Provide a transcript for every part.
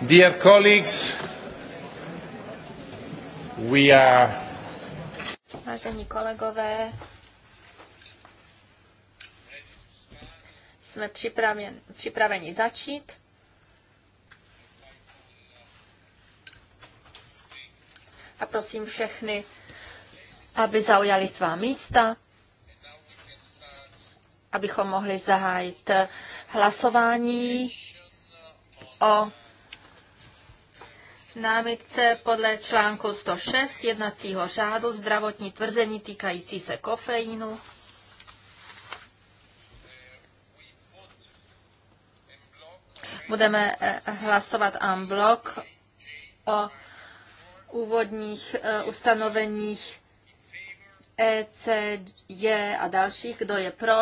Dear colleagues, we are... Vážení kolegové, jsme připraven, připraveni začít. A prosím všechny, aby zaujali svá místa abychom mohli zahájit hlasování o námitce podle článku 106 jednacího řádu zdravotní tvrzení týkající se kofeinu. Budeme eh, hlasovat en bloc o úvodních eh, ustanoveních ECJ a dalších. Kdo je pro?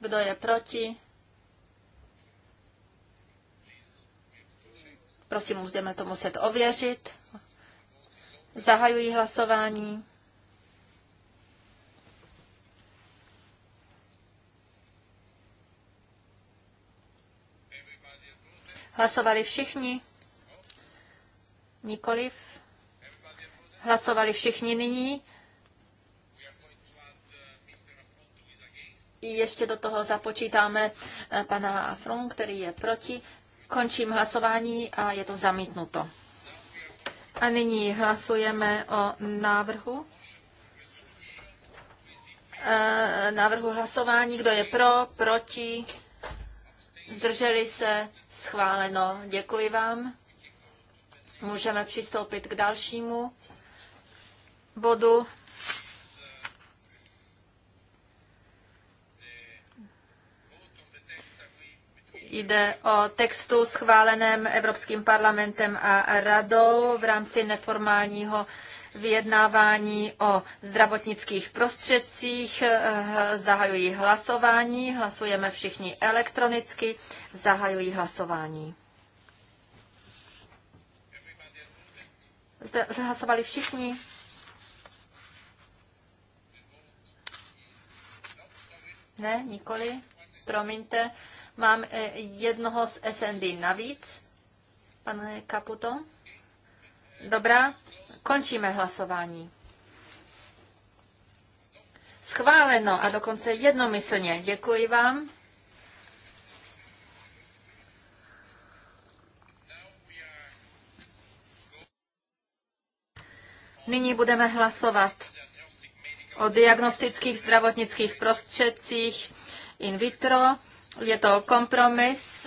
Kdo je proti? Prosím, budeme to muset ověřit. Zahajuji hlasování. Hlasovali všichni? Nikoliv. Hlasovali všichni nyní? Ještě do toho započítáme eh, pana Afron, který je proti. Končím hlasování a je to zamítnuto. A nyní hlasujeme o návrhu. Eh, návrhu hlasování, kdo je pro, proti, zdrželi se, schváleno. Děkuji vám. Můžeme přistoupit k dalšímu bodu. Jde o textu schváleném Evropským parlamentem a radou v rámci neformálního vyjednávání o zdravotnických prostředcích. Eh, zahajují hlasování. Hlasujeme všichni elektronicky. zahajují hlasování. Zahlasovali všichni? Ne, nikoli. Promiňte, Mám eh, jednoho z SND navíc. Pane Kaputo? Dobrá, končíme hlasování. Schváleno a dokonce jednomyslně. Děkuji vám. Nyní budeme hlasovat o diagnostických zdravotnických prostředcích in vitro je to kompromis,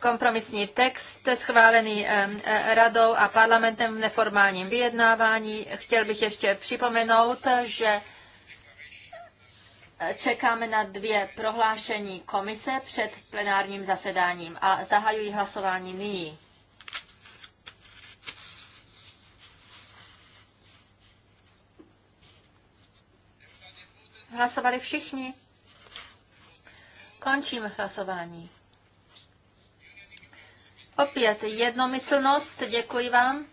kompromisní text schválený eh, eh, radou a parlamentem v neformálním vyjednávání. Chtěl bych ještě připomenout, že eh, čekáme na dvě prohlášení komise před plenárním zasedáním a zahajuji hlasování nyní. Hlasovali všichni? Končím hlasování. Opět jednomyslnost, děkuji vám.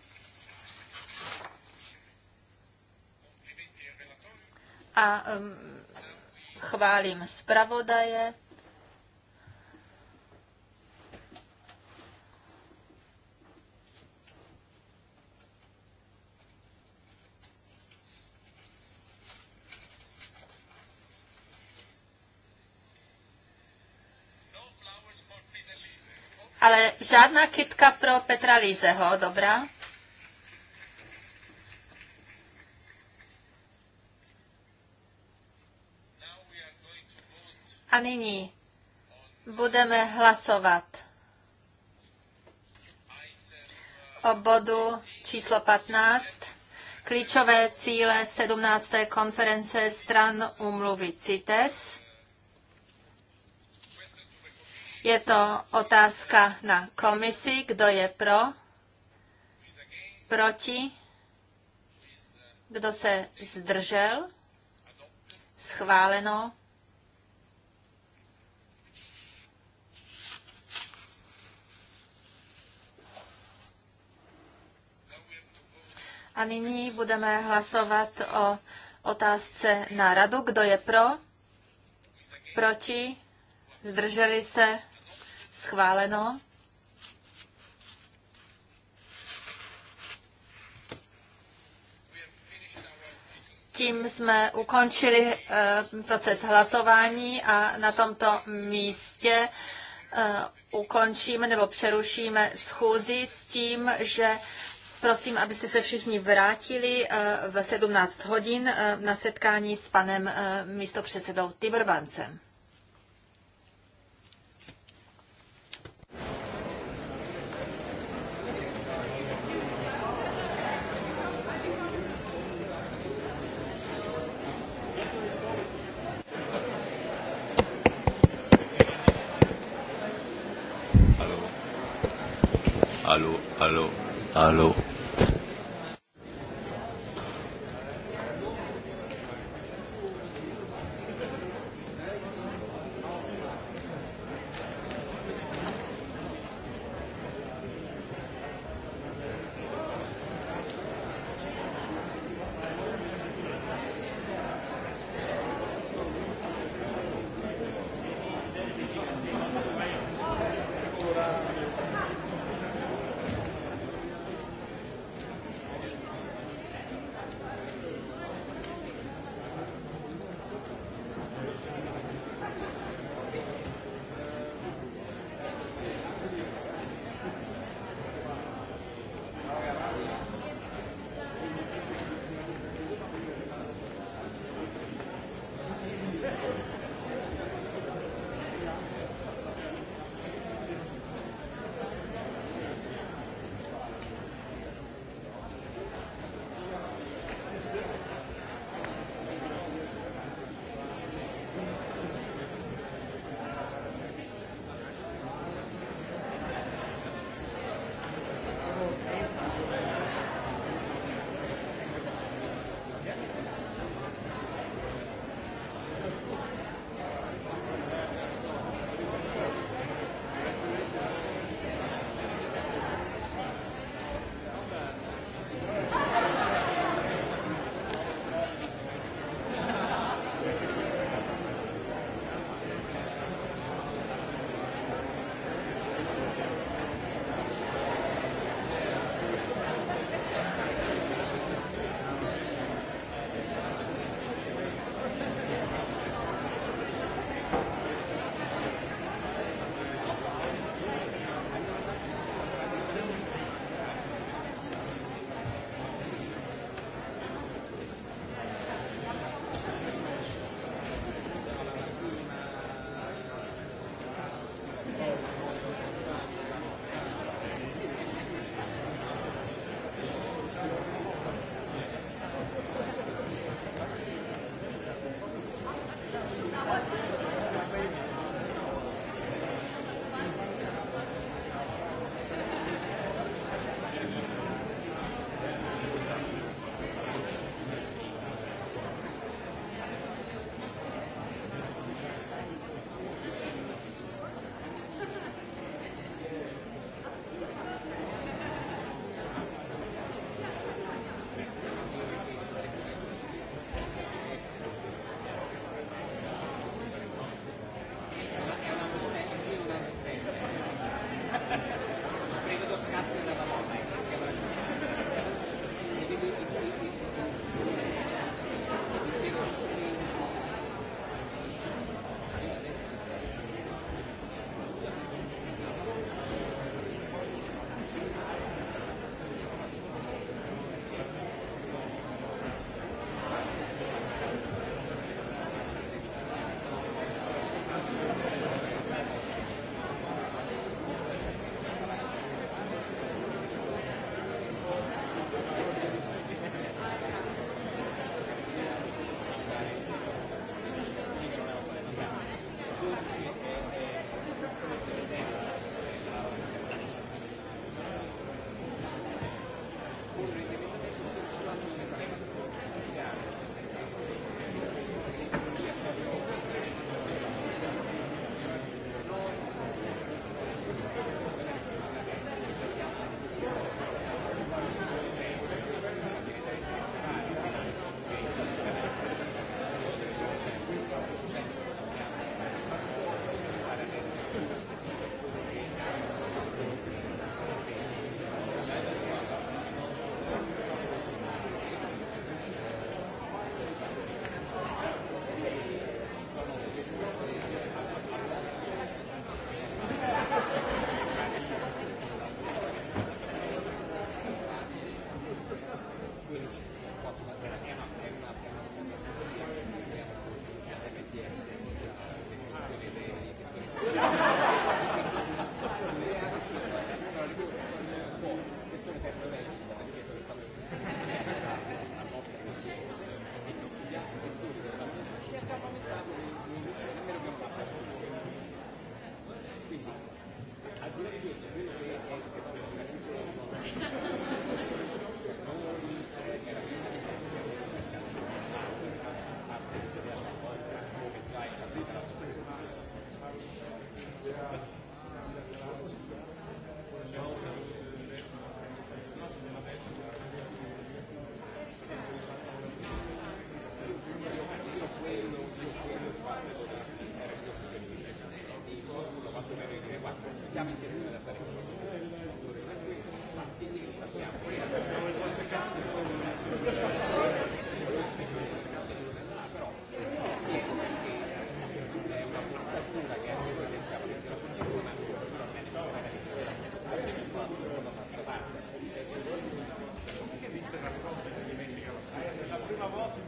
A um, chválím zpravodaje. ale žádná kytka pro Petra Lízeho, dobrá? A nyní budeme hlasovat o bodu číslo 15, klíčové cíle 17. konference stran umluvy CITES. Je to otázka na komisi, kdo je pro, proti, kdo se zdržel, schváleno. A nyní budeme hlasovat o otázce na radu. Kdo je pro? Proti? Zdrželi se? Schváleno. Tím jsme ukončili eh, proces hlasování a na tomto místě eh, ukončíme nebo přerušíme schůzi s tím, že prosím, abyste se všichni vrátili eh, v 17 hodin na setkání s panem místopředsedou Tibrbancem. Alo, alo.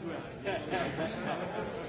Hallelujah.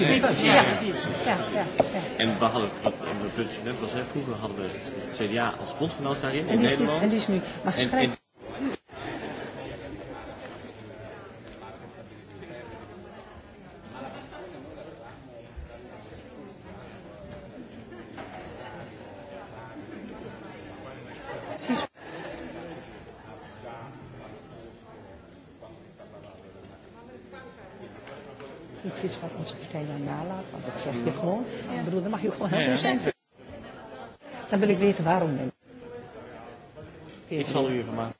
Ja, precies. Ja, ja, ja. En we hadden, wat mijn punt net was, hè, vroeger hadden we het CDA als bondgenoot daarin en in die Nederland. nu, en die is nu, maar schrijf... weten waarom. Ik zal u even maken.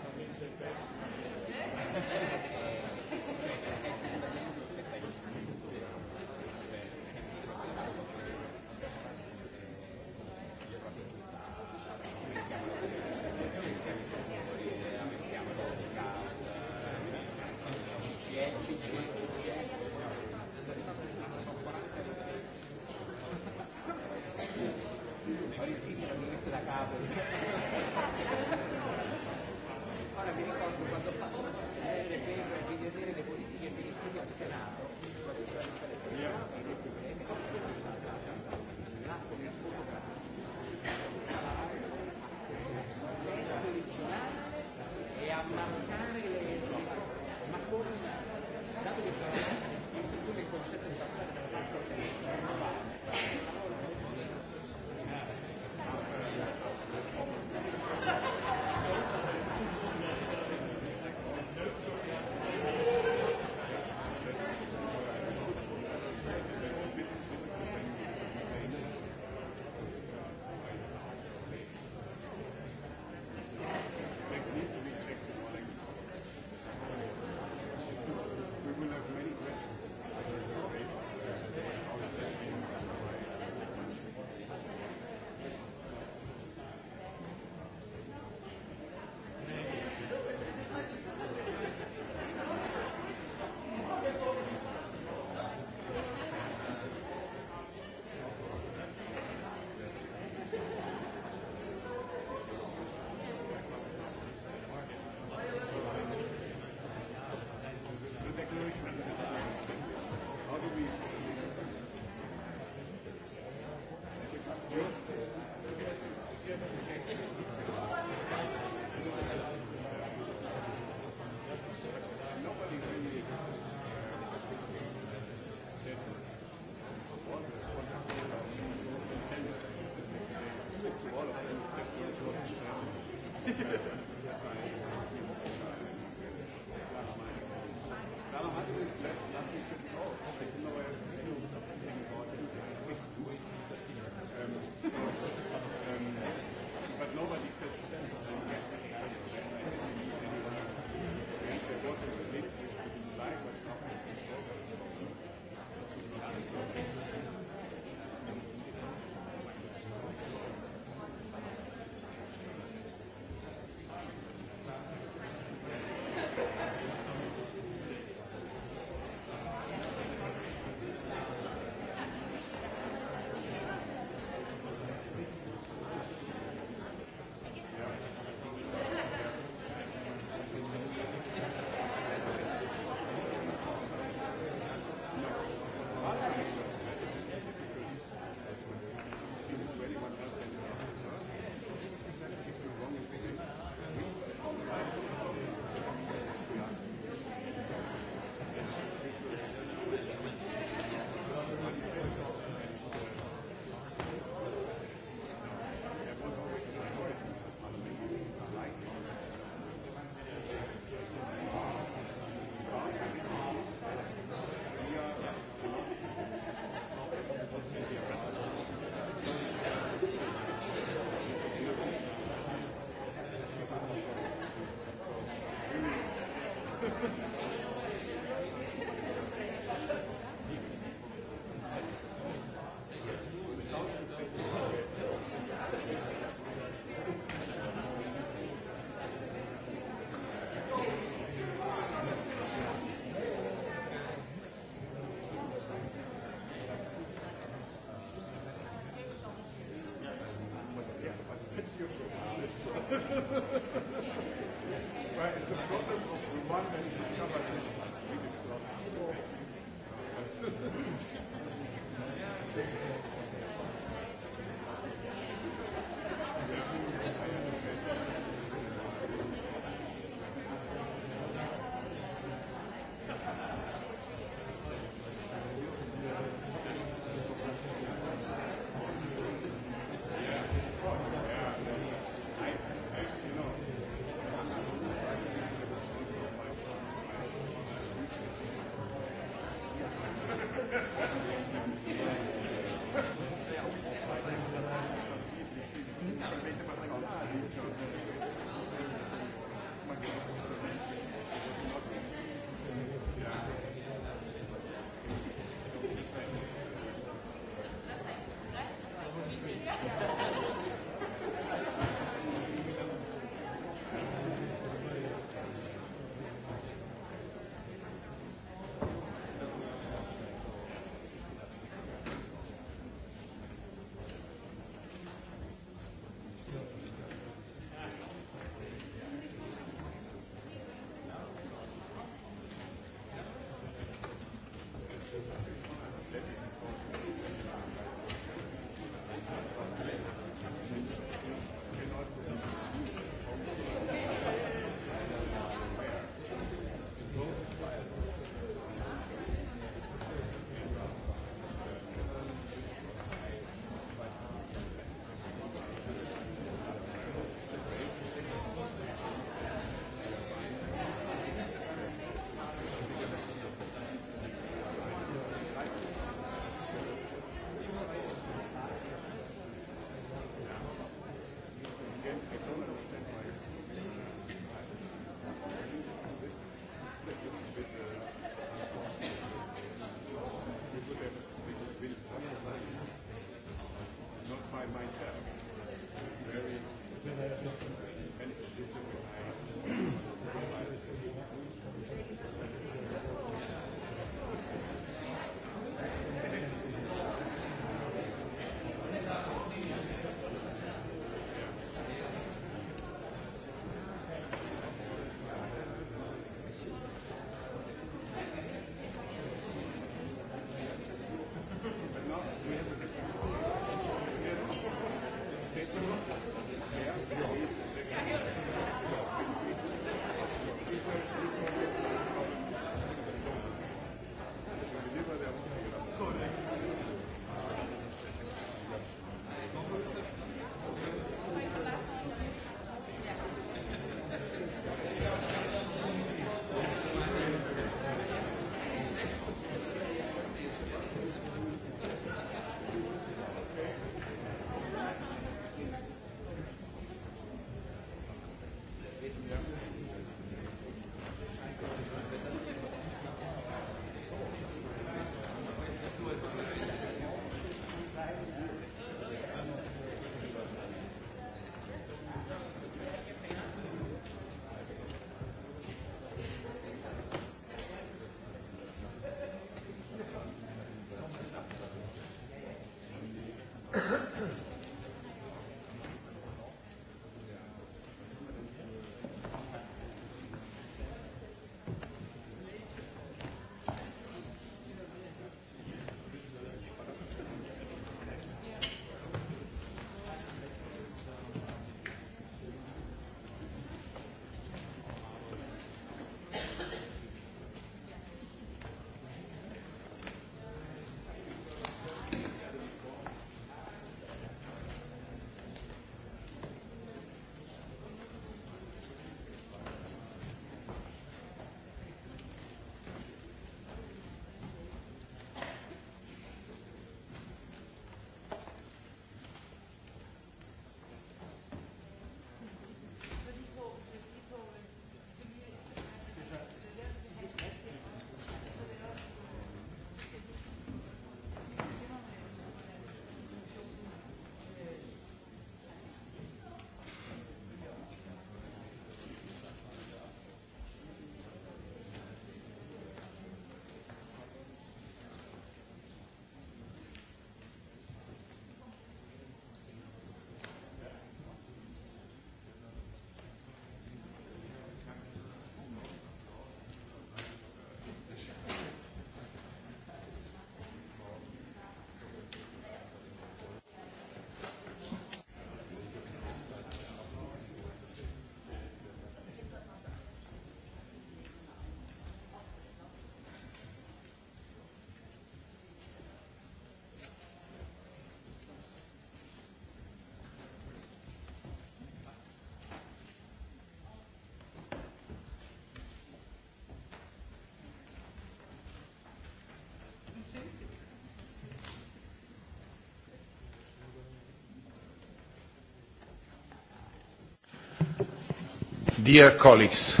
Dear colleagues,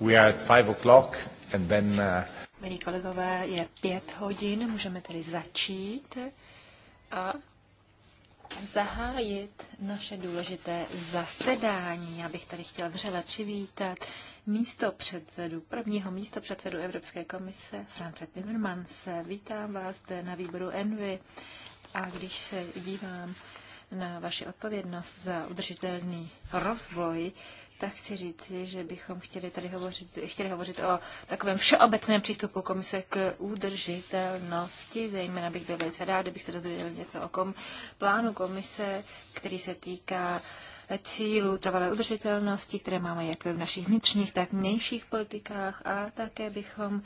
we are at five o'clock and then... Uh... Milí kolegové, je pět hodin, můžeme tedy začít a zahájit naše důležité zasedání. Já bych tady chtěla vřele přivítat místo předsedu, prvního místo předsedu Evropské komise France Timmermanse. Vítám vás zde na výboru Envy a když se dívám na vaši odpovědnost za udržitelný rozvoj, tak chci říci, že bychom chtěli tady hovořit, chtěli hovořit o takovém všeobecném přístupu komise k udržitelnosti. Zejména bych byl velice rád, kdybych se dozvěděl něco o kom, plánu komise, který se týká cílů trvalé udržitelnosti, které máme jak v našich vnitřních, tak vnějších politikách a také bychom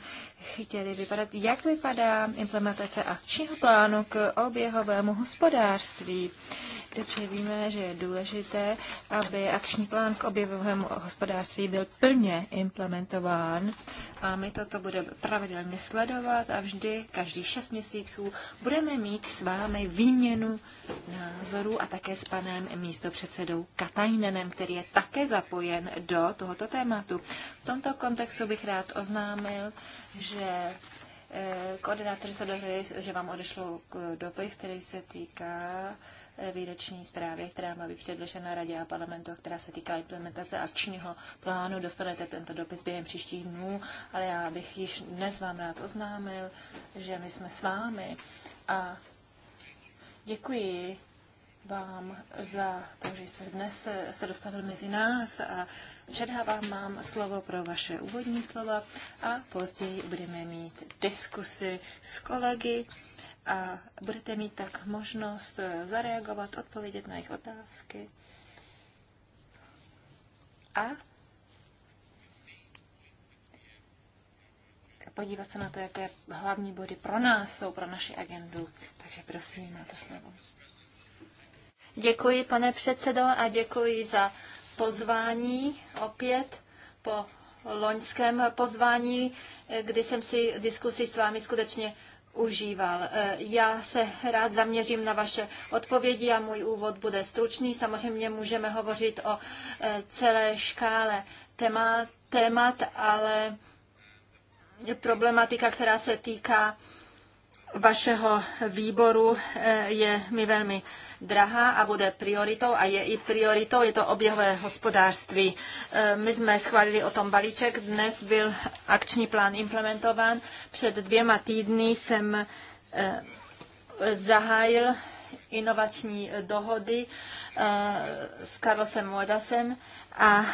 chtěli vypadat, jak vypadá implementace akčního plánu k oběhovému hospodářství. Uh, protože víme, že je důležité, aby akční plán k objevovému hospodářství byl plně implementován a my toto budeme pravidelně sledovat a vždy, každých šest měsíců, budeme mít s vámi výměnu názorů a také s panem místopředsedou Katajnenem, který je také zapojen do tohoto tématu. V tomto kontextu bych rád oznámil, že eh, koordinátor se dohodli, že vám odešlo dopis, který se týká výroční zprávě, která má být předložena Radě a parlamentu, která se týká implementace akčního plánu. Dostanete tento dopis během příštích dnů, ale já bych již dnes vám rád oznámil, že my jsme s vámi a děkuji vám za to, že jste dnes se dostavil mezi nás a předávám vám slovo pro vaše úvodní slova a později budeme mít diskusy s kolegy a budete mít tak možnost eh, zareagovat, odpovědět na jejich otázky. A podívat se na to, jaké hlavní body pro nás jsou, pro naši agendu. Takže prosím, máte slovo. Děkuji, pane předsedo, a děkuji za pozvání opět po loňském pozvání, eh, kdy jsem si diskusi s vámi skutečně užíval. Eh, já se rád zaměřím na vaše odpovědi a můj úvod bude stručný. Samozřejmě můžeme hovořit o eh, celé škále témat, ale problematika, která se týká vašeho výboru eh, je mi velmi drahá a bude prioritou a je i prioritou, je to oběhové hospodářství. Eh, my jsme schválili o tom balíček, dnes byl akční plán implementován. Před dvěma týdny jsem eh, zahájil inovační dohody s Karlosem Modasem a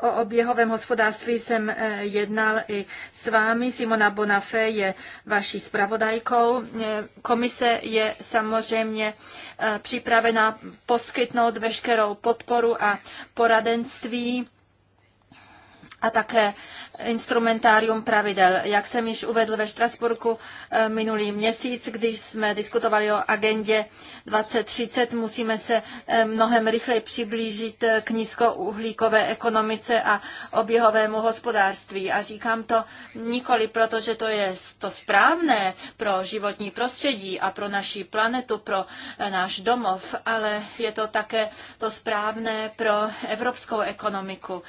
o oběhovém hospodářství jsem eh, jednal i s vámi. Simona Bonafé je vaší spravodajkou. Eh, komise je samozřejmě eh, připravena poskytnout veškerou podporu a poradenství a také instrumentárium pravidel. Jak jsem již uvedl ve Štrasburku eh, minulý měsíc, když jsme diskutovali o agendě 2030, musíme se eh, mnohem rychleji přiblížit eh, k nízkouhlíkové ekonomice a oběhovému hospodářství. A říkám to nikoli proto, že to je to správné pro životní prostředí a pro naši planetu, pro náš domov, ale je to také to správné pro evropskou ekonomiku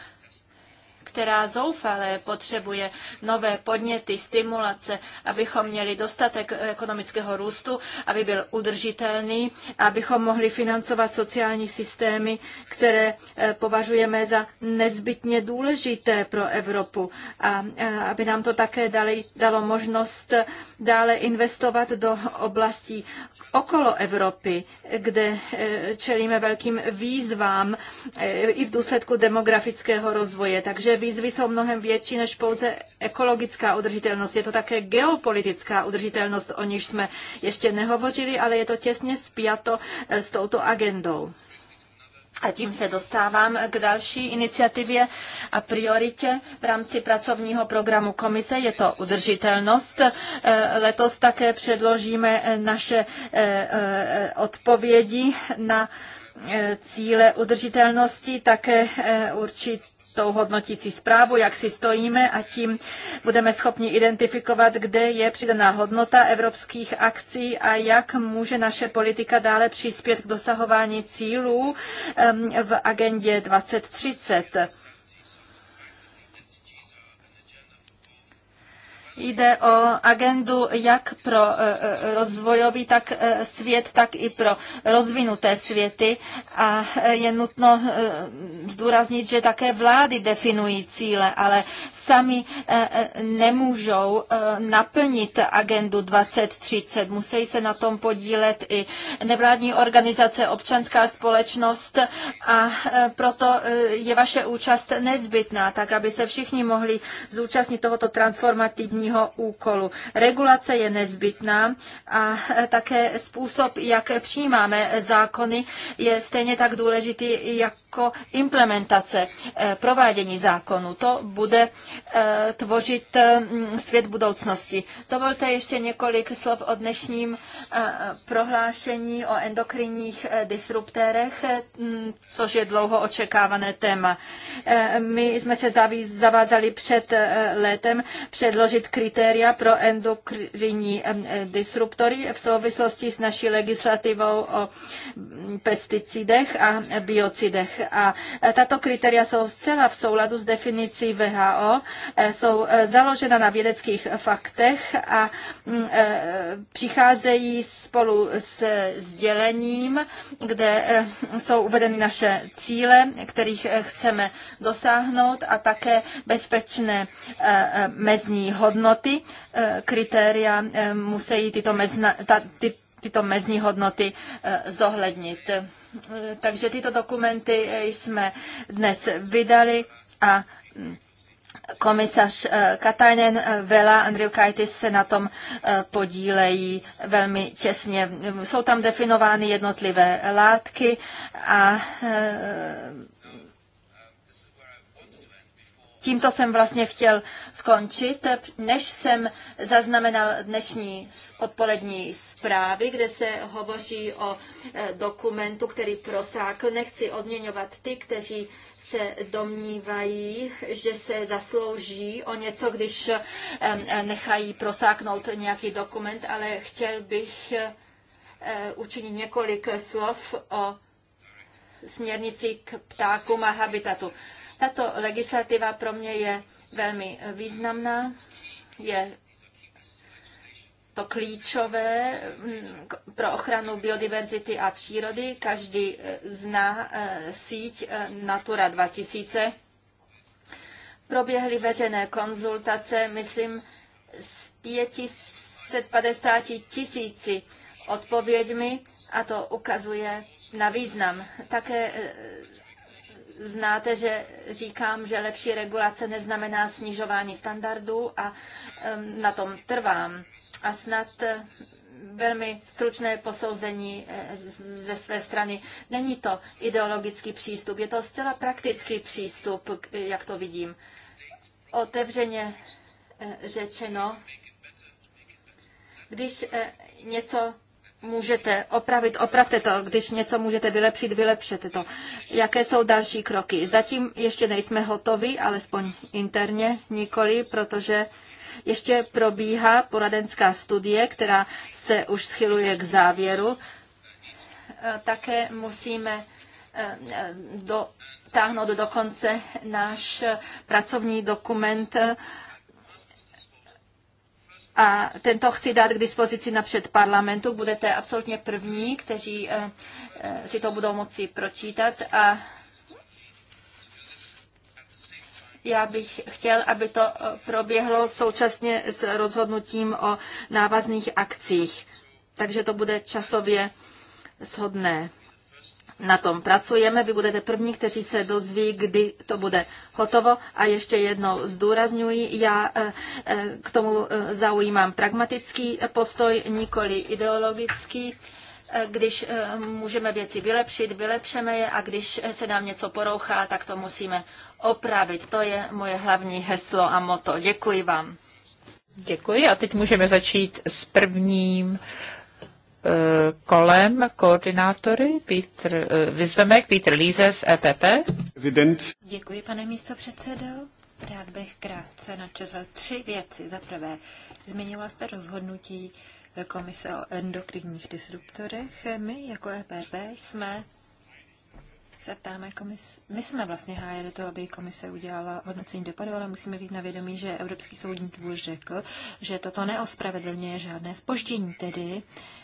která zoufale potřebuje nové podněty, stimulace, abychom měli dostatek ekonomického růstu, aby byl udržitelný, abychom mohli financovat sociální systémy, které eh, považujeme za nezbytně důležité pro Evropu a eh, aby nám to také dali, dalo možnost dále investovat do oblastí okolo Evropy, kde eh, čelíme velkým výzvám i v důsledku demografického rozvoje. Takže výzvy jsou mnohem větší než pouze ekologická udržitelnost. Je to také geopolitická udržitelnost, o níž jsme ještě nehovořili, ale je to těsně spjato eh, s touto agendou. A tím se dostávám k další iniciativě a prioritě v rámci pracovního programu komise. Je to udržitelnost. Eh, letos také předložíme eh, naše odpovědi na cíle udržitelnosti, také určit tou hodnotící zprávu, jak si stojíme a tím budeme schopni identifikovat, kde je přidaná hodnota evropských akcí a jak může naše politika dále přispět k dosahování cílů v agendě 2030. Jde o agendu jak pro e, e, rozvojový tak e, svět, tak i pro rozvinuté světy a je nutno zdůraznit, že také vlády definují cíle, ale sami nemůžou naplnit agendu 2030. Musí se na tom podílet i nevládní organizace, občanská společnost a proto je vaše účast nezbytná, tak aby se všichni mohli zúčastnit tohoto transformativního kontrolního úkolu. Regulace je nezbytná a e, také způsob, jak přijímáme zákony, je stejně tak důležitý jako implementace, e, provádění zákonu. To bude e, tvořit svět budoucnosti. Dovolte ještě několik slov o dnešním prohlášení o endokrinních disruptérech, což je dlouho očekávané téma. My jsme se zavázali před létem předložit kritéria pro endokrinní disruptory v souvislosti s naší legislativou o pesticidech a biocidech. A e, tato kritéria jsou zcela v souladu s definicí VHO, e, jsou e, založena na vědeckých faktech a mm, přicházejí spolu s sdělením, kde jsou uvedeny naše cíle, kterých chceme dosáhnout a také bezpečné mezní hodnoty hodnoty, eh, kritéria eh, musí tyto, mezna, ta, ty, tyto mezní hodnoty eh, zohlednit. Takže tyto dokumenty jsme dnes vydali a mm, komisař Katajnen, Vela, Kajtis se na tom podílejí velmi těsně. Jsou tam definovány jednotlivé látky a tímto jsem vlastně chtěl skončit, než jsem zaznamenal dnešní odpolední zprávy, kde se hovoří o e, dokumentu, který prosákl. Nechci odměňovat ty, kteří se domnívají, že se zaslouží o něco, když e, e, nechají prosáknout nějaký dokument, ale chtěl bych učinit několik slov o směrnici k ptákům a habitatu. Tato legislativa pro mě je velmi významná, je to klíčové mm, pro ochranu biodiverzity a přírody. Každý eh, zná eh, síť eh, Natura 2000. Proběhly veřejné konzultace, myslím, s 550 tisíci odpověďmi a to ukazuje na význam. Také Znáte, že říkám, že lepší regulace neznamená snižování standardů a na tom trvám. A snad eh, velmi stručné posouzení eh, ze své strany. Není to ideologický přístup, je to zcela praktický přístup, jak to vidím. Otevřeně eh, řečeno, když něco můžete opravit, opravte to, když něco můžete vylepšit, vylepšete to. Jaké jsou další kroky? Zatím ještě nejsme hotovi, alespoň interně nikoli, protože ještě probíhá poradenská studie, která se už schyluje k závěru. Eh, také musíme eh, dotáhnout do konce náš eh, pracovní dokument a tento chci dát k dispozici napřed parlamentu. Budete absolutně první, kteří eh, eh, si to budou moci pročítat. A já bych chtěl, aby to eh, proběhlo současně s rozhodnutím o návazných akcích. Takže to bude časově shodné na tom pracujeme. Vy budete první, kteří se dozví, kdy to bude hotovo. A ještě jednou zdůrazňuji, já eh, eh, k tomu eh, zaujímám pragmatický postoj, nikoli ideologický když můžeme věci vylepšit, vylepšeme je a když se nám něco porouchá, tak to musíme opravit. To je moje hlavní heslo a moto. Děkuji vám. Děkuji a teď můžeme začít s prvním Eh, kolem koordinátory Petr, eh, vyzveme Petr Líze z EPP. Prezident. Děkuji, pane místo předsedo. Rád bych krátce načetl tři věci. Za prvé, zmiňoval jste rozhodnutí Komise o endokrinních disruptorech. My jako EPP jsme se ptáme komis... My jsme vlastně hájili to, aby komise udělala hodnocení dopadu, ale musíme být na vědomí, že Evropský soudní dvůr řekl, že toto neospravedlňuje žádné spoždění. Tedy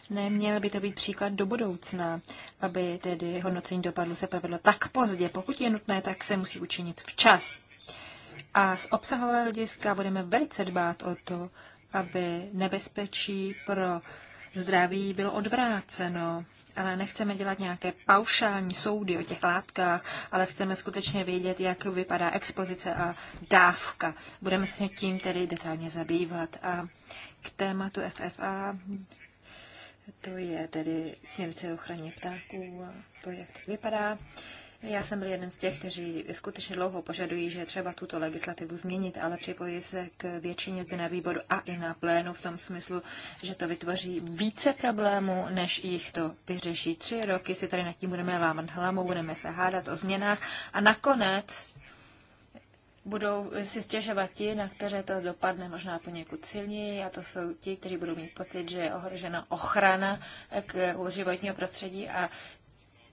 Neměl by to být příklad do budoucna, aby tedy hodnocení dopadlo se provedlo tak pozdě. Pokud je nutné, tak se musí učinit včas. A z obsahového hlediska budeme velice dbát o to, aby nebezpečí pro zdraví bylo odvráceno. Ale nechceme dělat nějaké paušální soudy o těch látkách, ale chceme skutečně vědět, jak vypadá expozice a dávka. Budeme se tím tedy detailně zabývat. A k tématu FFA to je tedy směrnice o ochraně ptáků a to, jak to vypadá. Já jsem byl jeden z těch, kteří skutečně dlouho požadují, že třeba tuto legislativu změnit, ale připojí se k většině zde na výboru a i na plénu v tom smyslu, že to vytvoří více problémů, než jich to vyřeší. Tři roky si tady nad tím budeme lámat hlavu, budeme se hádat o změnách a nakonec budou si stěžovat ti, na které to dopadne možná poněkud silněji, a to jsou ti, kteří budou mít pocit, že je ohrožena ochrana k životního prostředí a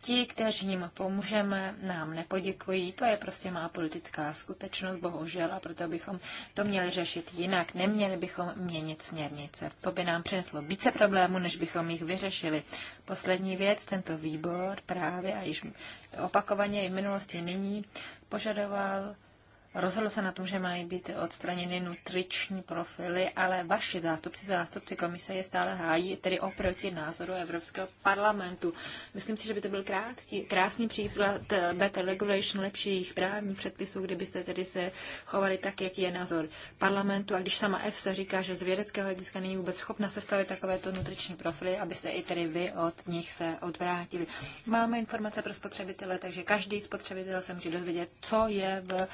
ti, kteří jim pomůžeme, nám nepoděkují. To je prostě má politická skutečnost, bohužel, a proto bychom to měli řešit jinak. Neměli bychom měnit směrnice. To by nám přineslo více problémů, než bychom jich vyřešili. Poslední věc, tento výbor právě a již opakovaně i v minulosti nyní požadoval Rozhodl se na tom, že mají být odstraněny nutriční profily, ale vaši zástupci, zástupci komise je stále hájí, tedy oproti názoru Evropského parlamentu. Myslím si, že by to byl krátký, krásný příklad eh, better regulation, lepších právních předpisů, kdybyste tedy se chovali tak, jak je názor parlamentu. A když sama EFSA říká, že z vědeckého hlediska není vůbec schopna sestavit takovéto nutriční profily, abyste i tedy vy od nich se odvrátili. Máme informace pro spotřebitele, takže každý spotřebitel se může dozvědět, co je v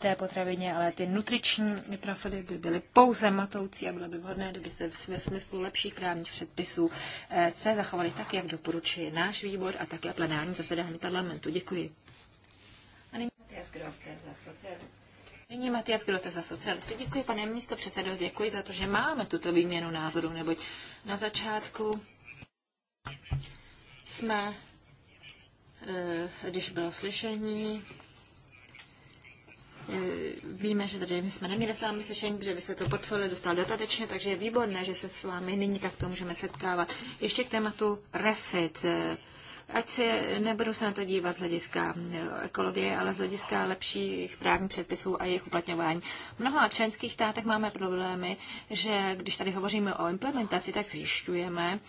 té potravině, ale ty nutriční profily by byly pouze matoucí a bylo by vhodné, kdyby se v smyslu lepších právních předpisů eh, se zachovaly tak, jak doporučuje náš výbor a také plenární zasedání parlamentu. Děkuji. A nyní Matias Grote za socialisty. Nyní Matias Grote za socialisty. Děkuji, pane místo předsedo, děkuji za to, že máme tuto výměnu názoru neboť na začátku jsme, eh, když bylo slyšení, Eh, víme, že tady my jsme neměli s vámi slyšení, protože vy jste to portfolio dostal dotatečně, takže je výborné, že se s vámi nyní takto můžeme setkávat. Ještě k tématu refit. Eh, ať se nebudu se na to dívat z hlediska eh, ekologie, ale z hlediska lepších právních předpisů a jejich uplatňování. V mnoha členských státech máme problémy, že když tady hovoříme o implementaci, tak zjišťujeme,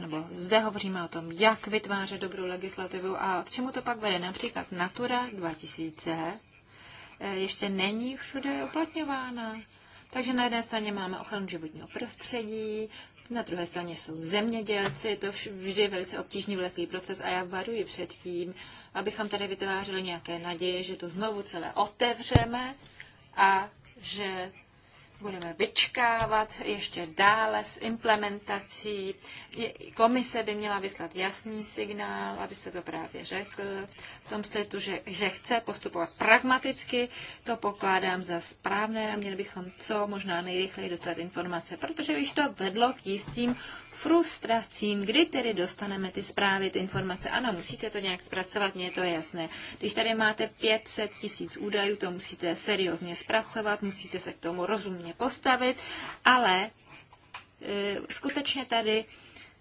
nebo zde hovoříme o tom, jak vytvářet dobrou legislativu a k čemu to pak vede. Například Natura 2000 Eh, ještě není všude uplatňována. Takže na jedné straně máme ochranu životního prostředí, na druhé straně jsou zemědělci, to vždy je velice obtížný velký proces a já varuji před tím, abychom tady vytvářeli nějaké naděje, že to znovu celé otevřeme a že budeme vyčkávat ještě dále s implementací. Komise by měla vyslat jasný signál, aby se to právě řekl. V tom tu, že, že chce postupovat pragmaticky, to pokládám za správné a měli bychom co možná nejrychleji dostat informace, protože už to vedlo k jistým frustracím, kdy tedy dostaneme ty zprávy, ty informace. Ano, musíte to nějak zpracovat, mně je to jasné. Když tady máte 500 tisíc údajů, to musíte seriózně zpracovat, musíte se k tomu rozumně postavit, ale e, skutečně tady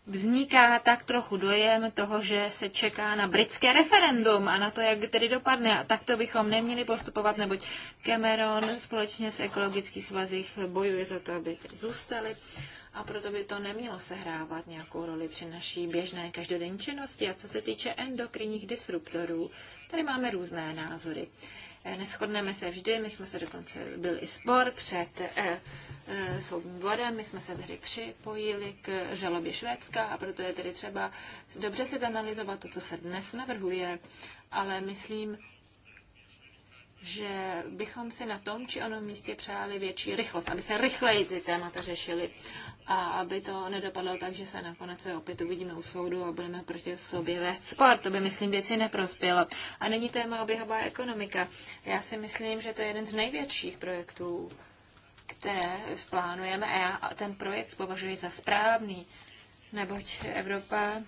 vzniká tak trochu dojem toho, že se čeká na britské referendum a na to, jak tedy dopadne. A takto bychom neměli postupovat, neboť Cameron společně s ekologických svazích bojuje za to, aby tedy zůstali a proto by to nemělo sehrávat nějakou roli při naší běžné každodenní činnosti. A co se týče endokrinních disruptorů, tady máme různé názory. Eh, neschodneme se vždy, my jsme se dokonce byli spor před eh, eh, soudním dvorem, my jsme se tedy připojili k žalobě Švédska a proto je tedy třeba dobře se analyzovat to, co se dnes navrhuje, ale myslím, že bychom si na tom či onom místě přáli větší rychlost, aby se rychleji ty témata řešily a aby to nedopadlo tak, že se nakonec opět uvidíme u soudu a budeme proti sobě vést sport. To by, myslím, věci neprospělo. A není téma oběhová ekonomika. Já si myslím, že to je jeden z největších projektů, které plánujeme a já ten projekt považuji za správný, neboť Evropa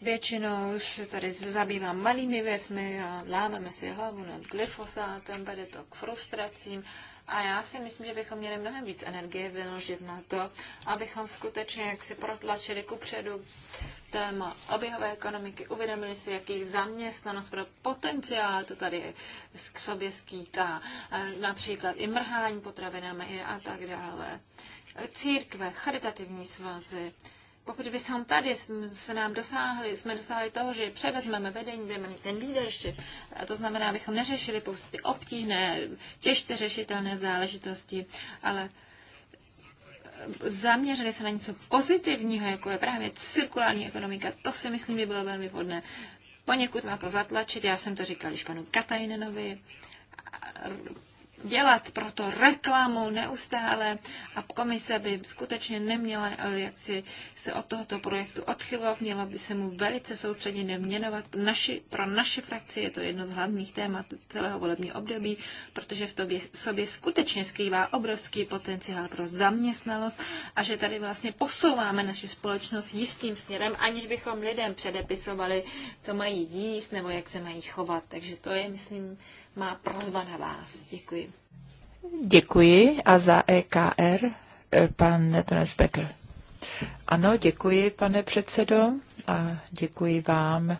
většinou se tady zabývá malými věcmi a lámeme si hlavu nad glyfosátem, vede to k frustracím a já si myslím, že bychom měli mnohem víc energie vynožit na to, abychom skutečně jak si protlačili kupředu téma oběhové ekonomiky, uvědomili si, jaký zaměstnanost pro potenciál to tady k sobě skýtá, například i mrhání potravinami a tak dále. Církve, charitativní svazy, pokud jsme tady se nám dosáhli, jsme dosáhli toho, že převezmeme vedení, budeme mít ten leadership, a to znamená, abychom neřešili pouze ty obtížné, těžce řešitelné záležitosti, ale e, zaměřili se na něco pozitivního, jako je právě cirkulární ekonomika, to si myslím by bylo velmi vhodné. Poněkud na to zatlačit, já jsem to říkal již panu Katajnenovi, dělat proto reklamu neustále a komise by skutečně neměla eh, jak si se od tohoto projektu odchylovat, měla by se mu velice soustředěně neměnovat. Naši, pro naši frakci je to jedno z hlavních témat celého volebního období, protože v tobě, sobě skutečně skrývá obrovský potenciál pro zaměstnanost a že tady vlastně posouváme naši společnost jistým směrem, aniž bychom lidem předepisovali, co mají jíst nebo jak se mají chovat. Takže to je, myslím, má prozba na vás. Děkuji. Děkuji. a za EKR eh, pan Tones Becker. Ano, děkuji, pane předsedo, a děkuji vám, eh,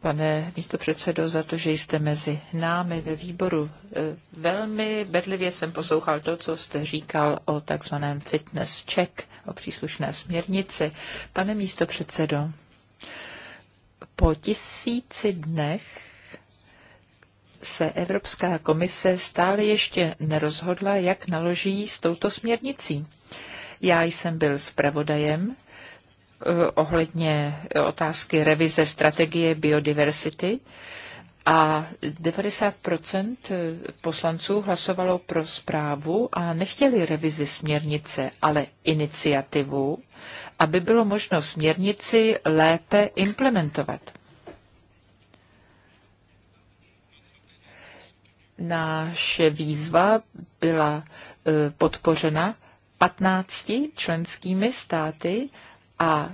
pane místopředsedo, za to, že jste mezi námi ve výboru. Eh, velmi bedlivě jsem poslouchal to, co jste říkal o takzvaném fitness check, o příslušné směrnici. Pane místopředsedo, po tisíci dnech se Evropská komise stále ještě nerozhodla, jak naloží s touto směrnicí. Já jsem byl zpravodajem eh, ohledně otázky revize strategie biodiversity a 90 poslanců hlasovalo pro zprávu a nechtěli revizi směrnice, ale iniciativu, aby bylo možno směrnici lépe implementovat. Naše výzva byla e, podpořena 15 členskými státy a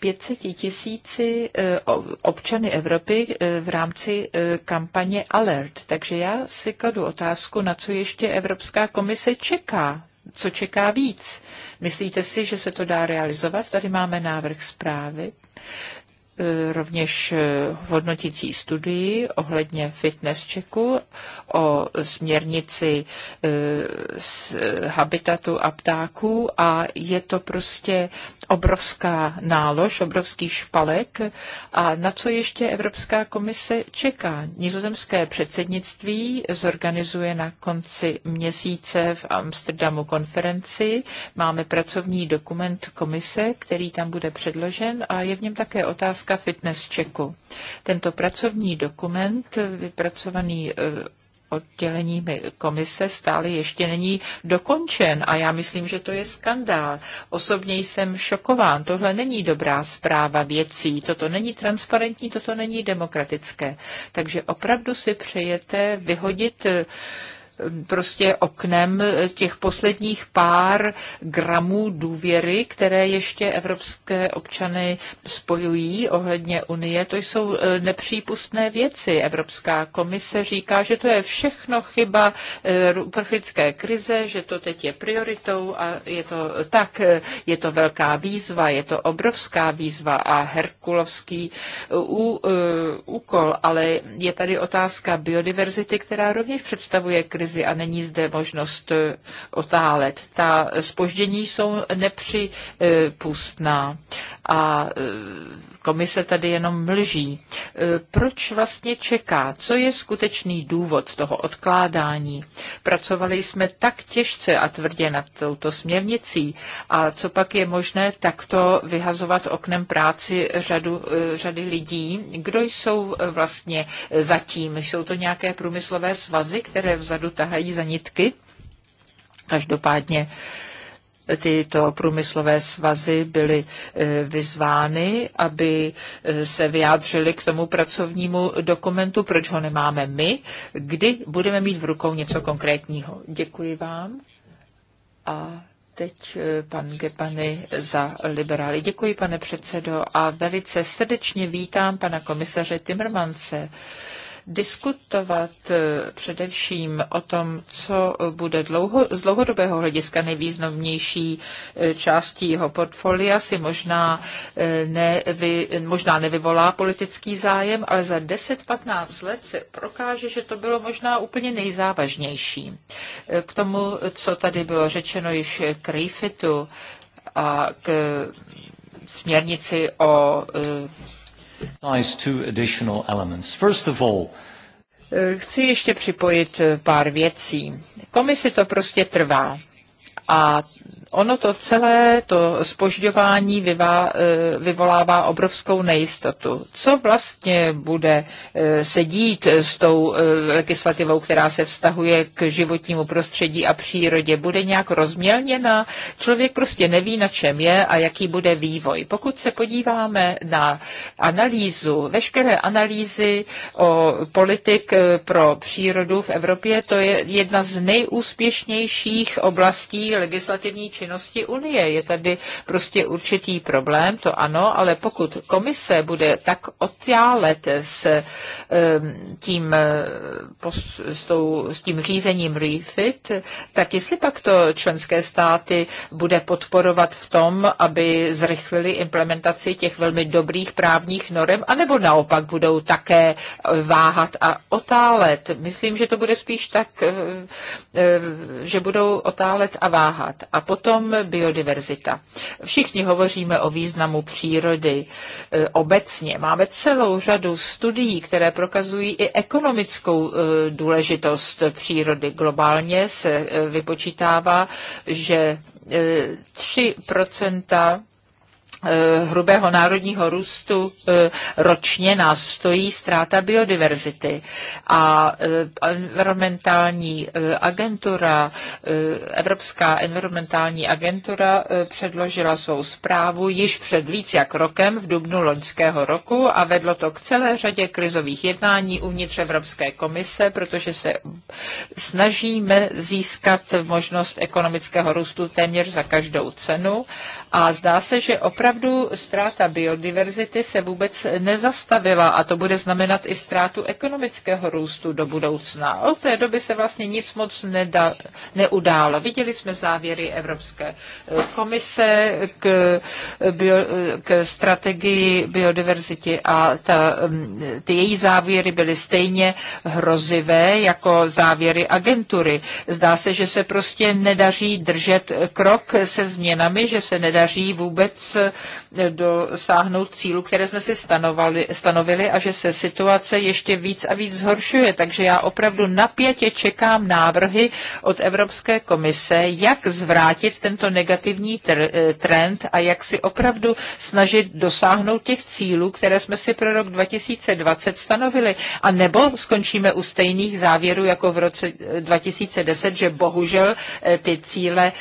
500 tisíci e, občany Evropy e, v rámci kampaně Alert. Takže já si kladu otázku, na co ještě Evropská komise čeká, co čeká víc. Myslíte si, že se to dá realizovat? Tady máme návrh zprávy Eh, rovněž eh, hodnotící studii ohledně fitness checku o směrnici z eh, habitatu a ptáků a je to prostě obrovská nálož, obrovský špalek a na co ještě Evropská komise čeká. Nizozemské předsednictví zorganizuje na konci měsíce v Amsterdamu konferenci. Máme pracovní dokument komise, který tam bude předložen a je v něm také otázka otázka fitness checku. Tento pracovní dokument, vypracovaný e, odděleními komise stále ještě není dokončen a já myslím, že to je skandál. Osobně jsem šokován. Tohle není dobrá zpráva věcí. Toto není transparentní, toto není demokratické. Takže opravdu si přejete vyhodit e, prostě oknem těch posledních pár gramů důvěry, které ještě evropské občany spojují ohledně Unie. To jsou e, nepřípustné věci. Evropská komise říká, že to je všechno chyba e, uprchlické krize, že to teď je prioritou a je to tak, e, je to velká výzva, je to obrovská výzva a herkulovský ú, úkol, ale je tady otázka biodiverzity, která rovněž představuje krize krizi a není zde možnost eh, otálet. Ta spoždění jsou nepřipustná a eh, Komise tady jenom mlží. E, proč vlastně čeká? Co je skutečný důvod toho odkládání? Pracovali jsme tak těžce a tvrdě nad touto směrnicí a co pak je možné takto vyhazovat oknem práci řadu, e, řady lidí? Kdo jsou vlastně zatím? Jsou to nějaké průmyslové svazy, které vzadu tahají za nitky? Každopádně tyto průmyslové svazy byly e, vyzvány, aby e, se vyjádřili k tomu pracovnímu dokumentu, proč ho nemáme my, kdy budeme mít v rukou něco konkrétního. Děkuji vám. A teď e, pan Gepany za liberály. Děkuji, pane předsedo, a velice srdečně vítám pana komisaře Timmermance diskutovat eh, především o tom, co bude dlouho, z dlouhodobého hlediska nejvýznamnější eh, částí jeho portfolia, si možná, eh, nevy, možná nevyvolá politický zájem, ale za 10-15 let se prokáže, že to bylo možná úplně nejzávažnější. K tomu, co tady bylo řečeno již k Rejfitu a k směrnici o Eh, chci ještě připojit eh, pár věcí. Komisi to prostě trvá. A ono to celé, to spožďování vyvá, e, vyvolává obrovskou nejistotu. Co vlastně bude e, se dít s tou e, legislativou, která se vztahuje k životnímu prostředí a přírodě? Bude nějak rozmělněna? Člověk prostě neví, na čem je a jaký bude vývoj. Pokud se podíváme na analýzu, veškeré analýzy o politik pro přírodu v Evropě, to je jedna z nejúspěšnějších oblastí legislativní činnosti Unie. Je tady prostě určitý problém, to ano, ale pokud komise bude tak odtálet s tím, s, tou, s tím řízením refit, tak jestli pak to členské státy bude podporovat v tom, aby zrychlili implementaci těch velmi dobrých právních norem, anebo naopak budou také váhat a otálet. Myslím, že to bude spíš tak, eh, eh, že budou otálet a váhat pomáhat. A potom biodiverzita. Všichni hovoříme o významu přírody e, obecně. Máme celou řadu studií, které prokazují i ekonomickou e, důležitost přírody. Globálně se e, vypočítává, že 3 Eh, hrubého národního růstu eh, ročně nás stojí ztráta biodiverzity. A eh, environmentální agentura, Evropská environmentální agentura předložila svou zprávu již před víc jak rokem v dubnu loňského roku a vedlo to k celé řadě krizových jednání uvnitř Evropské komise, protože se snažíme získat možnost ekonomického růstu téměř za každou cenu a zdá se, že opravdu ztráta biodiverzity se vůbec nezastavila a to bude znamenat i ztrátu ekonomického růstu do budoucna. Od té doby se vlastně nic moc neda, neudálo. Viděli jsme závěry Evropské eh, komise k, bio, k strategii biodiverzity a ta, mm, ty její závěry byly stejně hrozivé jako závěry agentury. Zdá se, že se prostě nedaří držet krok se změnami, že se nedaří nedaří vůbec eh, dosáhnout cílu, které jsme si stanovali, stanovili a že se situace ještě víc a víc zhoršuje. Takže já opravdu napětě čekám návrhy od Evropské komise, jak zvrátit tento negativní eh, trend a jak si opravdu snažit dosáhnout těch cílů, které jsme si pro rok 2020 stanovili. A nebo skončíme u stejných závěrů jako v roce 2010, eh, že bohužel ty cíle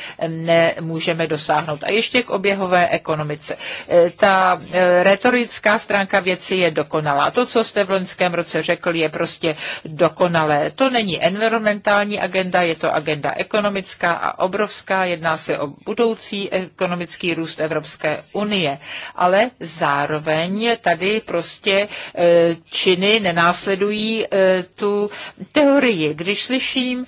nemůžeme dosáhnout. A ještě k oběhové ekonomice. E, ta e, retorická stránka věci je dokonalá. To, co jste v loňském roce řekl, je prostě dokonalé. To není environmentální agenda, je to agenda ekonomická a obrovská. Jedná se o budoucí ekonomický růst Evropské unie. Ale zároveň tady prostě e, činy nenásledují tu teorii. Když slyším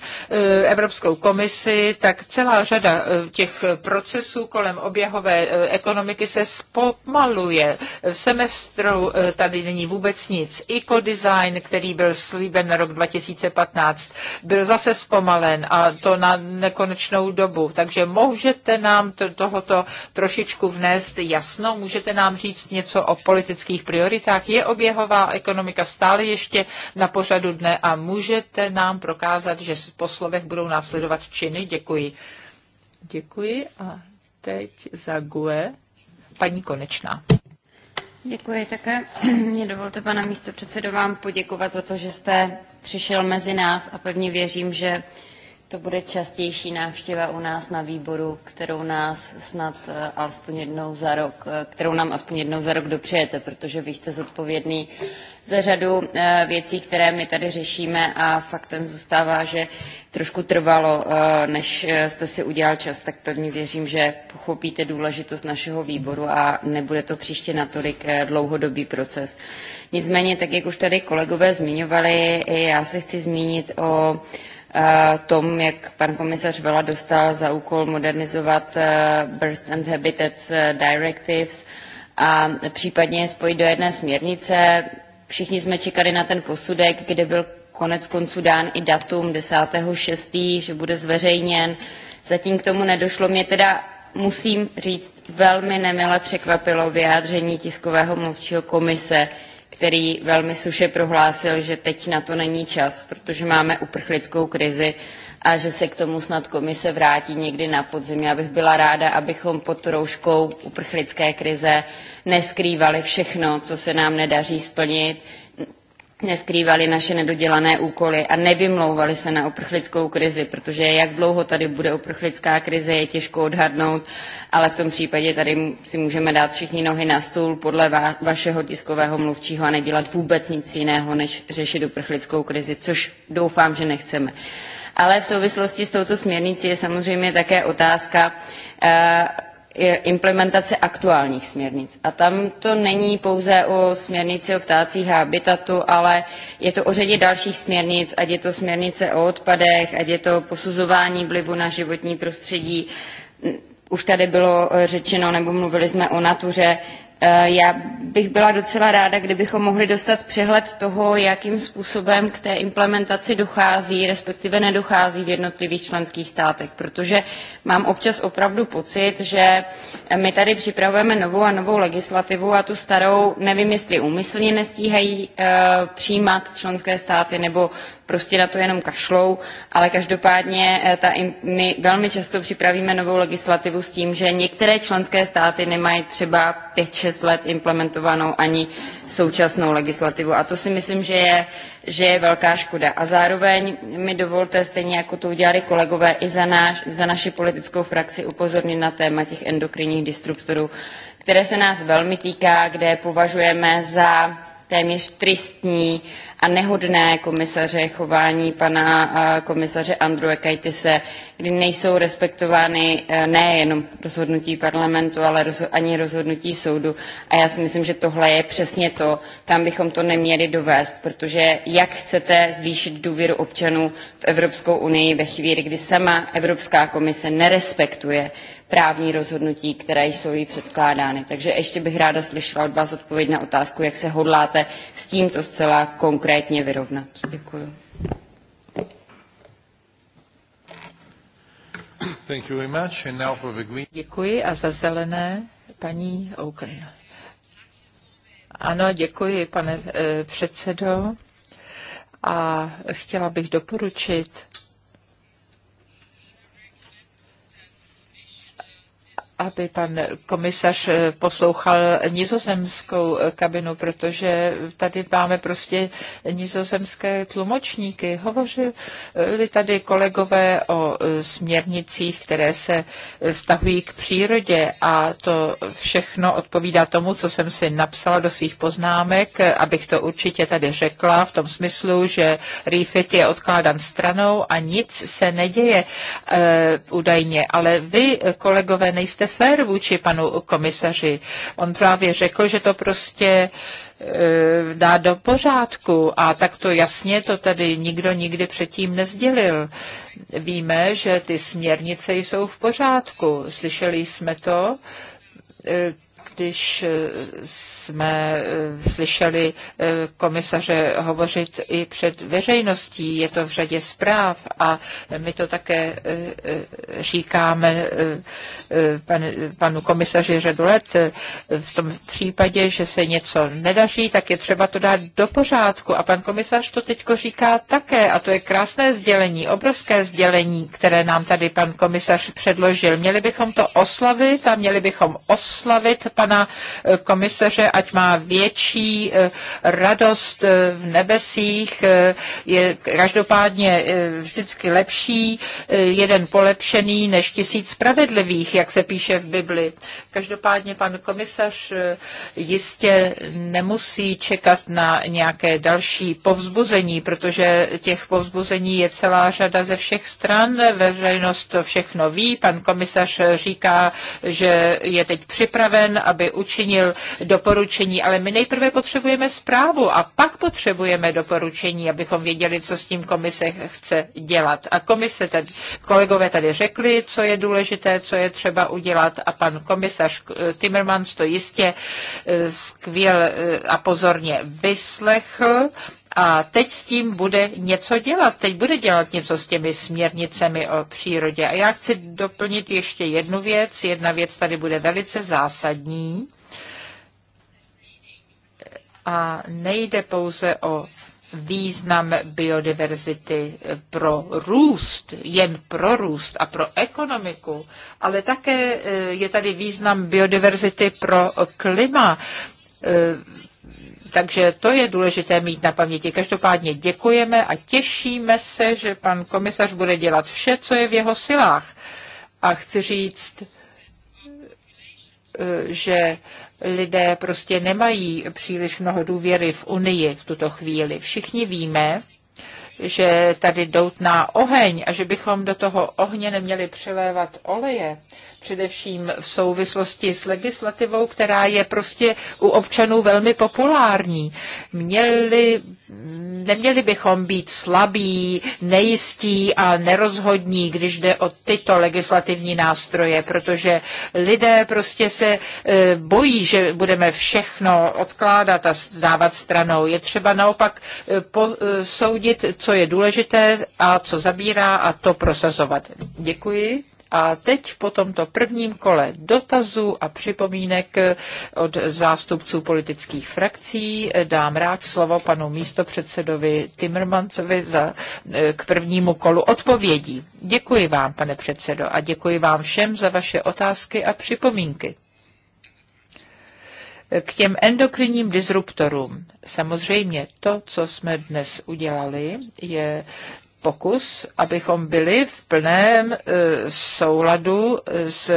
Evropskou komisi, tak celá řada těch procesů kolem oběhové oběhové eh, ekonomiky se zpomaluje. V semestru eh, tady není vůbec nic. Ecodesign, který byl slíben na rok 2015, byl zase zpomalen a to na nekonečnou dobu. Takže můžete nám to, tohoto trošičku vnést jasno? Můžete nám říct něco o politických prioritách? Je oběhová ekonomika stále ještě na pořadu dne a můžete nám prokázat, že po slovech budou následovat činy? Děkuji. Děkuji a teď za GUE paní Konečná. Děkuji také. Mě dovolte, pane místo předsedo, vám poděkovat za to, že jste přišel mezi nás a pevně věřím, že to bude častější návštěva u nás na výboru, kterou nás snad eh, alespoň jednou za rok, eh, kterou nám aspoň jednou za rok dopřejete, protože vy jste zodpovědný za řadu eh, věcí, které my tady řešíme a faktem zůstává, že trošku trvalo, než jste si udělal čas, tak pevně věřím, že pochopíte důležitost našeho výboru a nebude to příště natolik dlouhodobý proces. Nicméně, tak jak už tady kolegové zmiňovali, já se chci zmínit o Eh, tom, jak pan komisař Vela dostal za úkol modernizovat eh, Burst and Habitats eh, Directives a případně je spojit do jedné směrnice. Všichni jsme čekali na ten posudek, kde byl konec konců dán i datum 10.6., že bude zveřejněn. Zatím k tomu nedošlo. Mě teda musím říct, velmi nemile překvapilo vyjádření tiskového mluvčího komise, který velmi suše prohlásil, že teď na to není čas, protože máme uprchlickou krizi a že se k tomu snad komise vrátí někdy na podzim. Já bych byla ráda, abychom pod rouškou uprchlické krize neskrývali všechno, co se nám nedaří splnit, neskrývali naše nedodělané úkoly a nevymlouvali se na uprchlickou krizi, protože jak dlouho tady bude uprchlická krize, je těžko odhadnout, ale v tom případě tady si můžeme dát všichni nohy na stůl podle vašeho tiskového mluvčího a nedělat vůbec nic jiného, než řešit uprchlickou krizi, což doufám, že nechceme. Ale v souvislosti s touto směrnicí je samozřejmě také otázka, uh, implementace aktuálních směrnic. A tam to není pouze o směrnici o ptácích habitatu, ale je to o řadě dalších směrnic, ať je to směrnice o odpadech, ať je to posuzování vlivu na životní prostředí. Už tady bylo řečeno, nebo mluvili jsme o natuře, Eh, já bych byla docela ráda, kdybychom mohli dostat přehled toho, jakým způsobem k té implementaci dochází, respektive nedochází v jednotlivých členských státech, protože mám občas opravdu pocit, že my tady připravujeme novou a novou legislativu a tu starou, nevím, jestli úmyslně nestíhají eh, přijímat členské státy nebo prostě na to jenom kašlou, ale každopádně eh, ta, my velmi často připravíme novou legislativu s tím, že některé členské státy nemají třeba 5 6 let implementovanou ani současnou legislativu. A to si myslím, že je, že je velká škoda. A zároveň mi dovolte, stejně jako to udělali kolegové, i za, náš, za naši politickou frakci upozornit na téma těch endokrinních disruptorů, které se nás velmi týká, kde považujeme za téměř tristní a nehodné komisaře chování pana eh, komisaře Andrew Kajtise, kdy nejsou respektovány eh, nejenom rozhodnutí parlamentu, ale ani rozhodnutí soudu. A já si myslím, že tohle je přesně to, kam bychom to neměli dovést, protože jak chcete zvýšit důvěru občanů v Evropskou unii ve chvíli, kdy sama Evropská komise nerespektuje právní rozhodnutí, které jsou jí předkládány. Takže ještě bych ráda slyšela od vás odpověď na otázku, jak se hodláte s tímto zcela konkrétně vyrovnat. Děkuji. Děkuji a za zelené paní Ouken. Ano, děkuji, pane eh, předsedo. A chtěla bych doporučit aby pan komisař eh, poslouchal nizozemskou eh, kabinu, protože tady máme prostě nizozemské tlumočníky. Hovořili tady kolegové o eh, směrnicích, které se vztahují k přírodě a to všechno odpovídá tomu, co jsem si napsala do svých poznámek, abych to určitě tady řekla v tom smyslu, že refit je odkládan stranou a nic se neděje e, údajně. Ale vy, kolegové, nejste nefér vůči panu komisaři. On právě řekl, že to prostě eh, dá do pořádku a takto jasně to tady nikdo nikdy předtím nezdělil. Víme, že ty směrnice jsou v pořádku. Slyšeli jsme to eh, když eh, jsme eh, slyšeli eh, komisaře hovořit i před veřejností, je to v řadě zpráv a my to také říkáme panu komisaři řadu let. V tom případě, že se něco nedaří, tak je třeba to dát do pořádku. A pan komisař to teďko říká také a to je krásné sdělení, obrovské sdělení, které nám tady pan komisař předložil. Měli bychom to oslavit a měli bychom oslavit pana pana eh, komisaře, ať má větší eh, radost eh, v nebesích. Je každopádně vždycky lepší jeden polepšený než tisíc spravedlivých, jak se píše v Bibli. Každopádně pan komisař jistě nemusí čekat na nějaké další povzbuzení, protože těch povzbuzení je celá řada ze všech stran. Veřejnost to všechno ví. Pan komisař říká, že je teď připraven aby učinil doporučení, ale my nejprve potřebujeme zprávu a pak potřebujeme doporučení, abychom věděli, co s tím komise chce dělat. A komise, tady, kolegové tady řekli, co je důležité, co je třeba udělat a pan komisař Timmermans to jistě eh, skvěl eh, a pozorně vyslechl a teď s tím bude něco dělat. Teď bude dělat něco s těmi směrnicemi o přírodě. A já chci doplnit ještě jednu věc. Jedna věc tady bude velice zásadní. A nejde pouze o význam biodiverzity pro růst, jen pro růst a pro ekonomiku, ale také eh, je tady význam biodiverzity pro klima eh, takže to je důležité mít na paměti. Každopádně děkujeme a těšíme se, že pan komisař bude dělat vše, co je v jeho silách. A chci říct, eh, že lidé prostě nemají příliš mnoho důvěry v Unii v tuto chvíli. Všichni víme, že tady doutná oheň a že bychom do toho ohně neměli přilévat oleje především v souvislosti s legislativou, která je prostě u občanů velmi populární. Měli, neměli bychom být slabí, nejistí a nerozhodní, když jde o tyto legislativní nástroje, protože lidé prostě se e, bojí, že budeme všechno odkládat a dávat stranou. Je třeba naopak e, posoudit, co je důležité a co zabírá a to prosazovat. Děkuji. A teď po tomto prvním kole dotazů a připomínek od zástupců politických frakcí dám rád slovo panu místopředsedovi Timmermansovi za, e, k prvnímu kolu odpovědí. Děkuji vám, pane předsedo, a děkuji vám všem za vaše otázky a připomínky k těm endokrinním disruptorům. Samozřejmě to, co jsme dnes udělali, je pokus, abychom byli v plném e, souladu s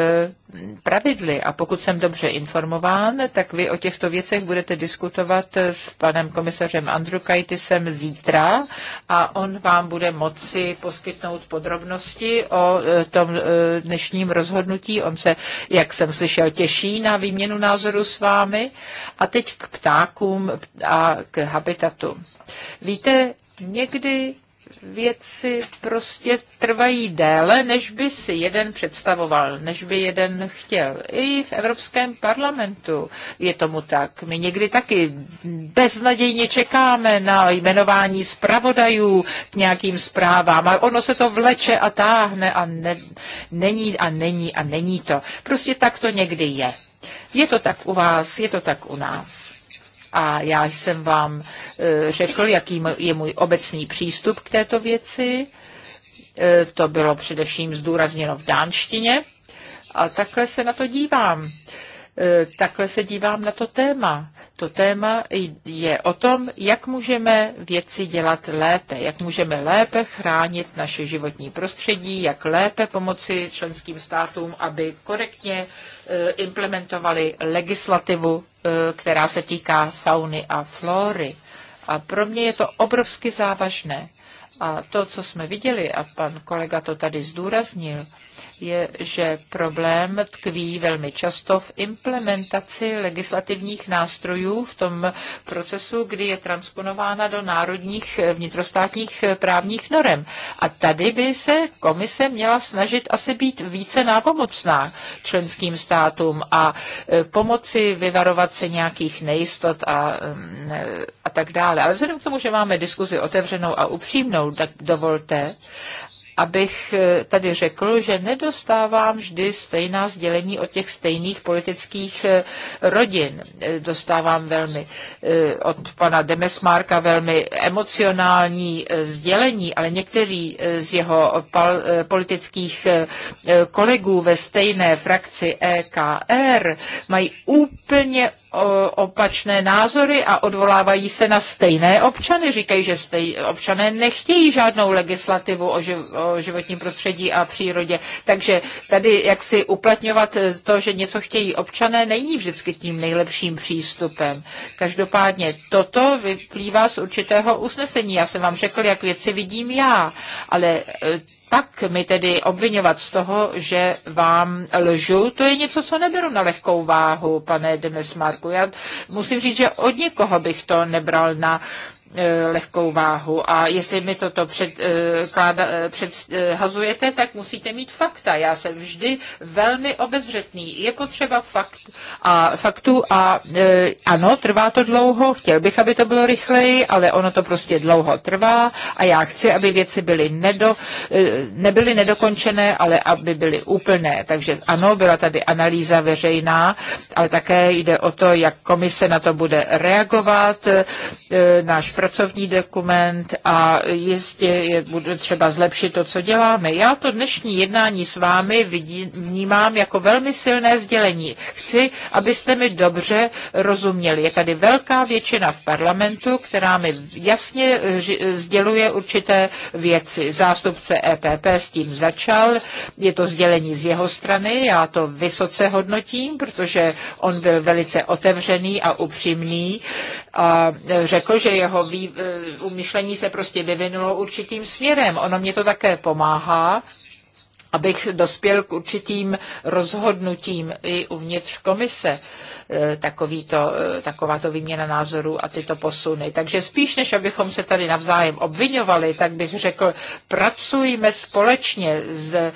pravidly. A pokud jsem dobře informován, tak vy o těchto věcech budete diskutovat s panem komisařem Andru Kajtisem zítra a on vám bude moci poskytnout podrobnosti o e, tom e, dnešním rozhodnutí. On se, jak jsem slyšel, těší na výměnu názoru s vámi. A teď k ptákům a k habitatu. Víte, někdy věci prostě trvají déle, než by si jeden představoval, než by jeden chtěl. I v Evropském parlamentu je tomu tak. My někdy taky beznadějně čekáme na jmenování zpravodajů k nějakým zprávám a ono se to vleče a táhne a ne, není a není a není to. Prostě tak to někdy je. Je to tak u vás, je to tak u nás a já jsem vám e, řekl, jaký je můj obecný přístup k této věci. E, to bylo především zdůrazněno v dánštině a takhle se na to dívám e, takhle se dívám na to téma. To téma je o tom, jak můžeme věci dělat lépe, jak můžeme lépe chránit naše životní prostředí, jak lépe pomoci členským státům, aby korektně implementovali legislativu E, která se týká fauny a flory. A pro mě je to obrovsky závažné. A to, co jsme viděli, a pan kolega to tady zdůraznil, je, že problém tkví velmi často v implementaci legislativních nástrojů v tom procesu, kdy je transponována do národních vnitrostátních právních norem. A tady by se komise měla snažit asi být více nápomocná členským státům a e, pomoci vyvarovat se nějakých nejistot a, mm, e, a tak dále. Ale vzhledem k tomu, že máme diskuzi otevřenou a upřímnou, tak dovolte, abych eh, tady řekl, že nedostávám vždy stejná sdělení od těch stejných politických eh, rodin. Eh, dostávám velmi od pana Demesmárka velmi emocionální sdělení, ale některý z jeho politických kolegů ve stejné frakci EKR mají úplně opačné názory a odvolávají se na stejné občany. Říkají, že stej, občané nechtějí žádnou legislativu o, živ, o životním prostředí a přírodě. Takže tady jak si uplatňovat to, že něco chtějí občané, není vždycky tím nejlepším přístupem. Každopádně toto vyplývá z určitého usnesení. Já jsem vám řekl, jak věci vidím já, ale e, pak mi tedy obvinovat z toho, že vám lžu, to je něco, co neberu na lehkou váhu, pane Demesmarku. Já musím říct, že od někoho bych to nebral na uh, E, lehkou váhu. A jestli mi toto před, e, e, předhazujete, tak musíte mít fakta. Já jsem vždy velmi obezřetný. Je potřeba fakt a faktu a ano, trvá to dlouho, chtěl bych, aby to bylo rychleji, ale ono to prostě dlouho trvá a já chci, aby věci byly nedo, nebyly nedokončené, ale aby byly úplné. Takže ano, byla tady analýza veřejná, ale také jde o to, jak komise na to bude reagovat. Náš pracovní dokument a jistě je bude třeba zlepšit to, co děláme. Já to dnešní jednání s vámi vidím, vnímám jako velmi silné sdělení. Chci, abyste mi dobře rozuměli. Je tady velká většina v parlamentu, která mi jasně eh, sděluje určité věci. Zástupce EPP s tím začal, je to sdělení z jeho strany, já to vysoce hodnotím, protože on byl velice otevřený a upřímný a eh, řekl, že jeho vý, e, umýšlení se prostě vyvinulo určitým směrem. Ono mě to také pomáhá, abych dospěl k určitým rozhodnutím i uvnitř komise. Uh, E, e, Taková to výměna názorů a tyto posuny. Takže spíš, než abychom se tady navzájem obvinovali, tak bych řekl, pracujme společně, z, e,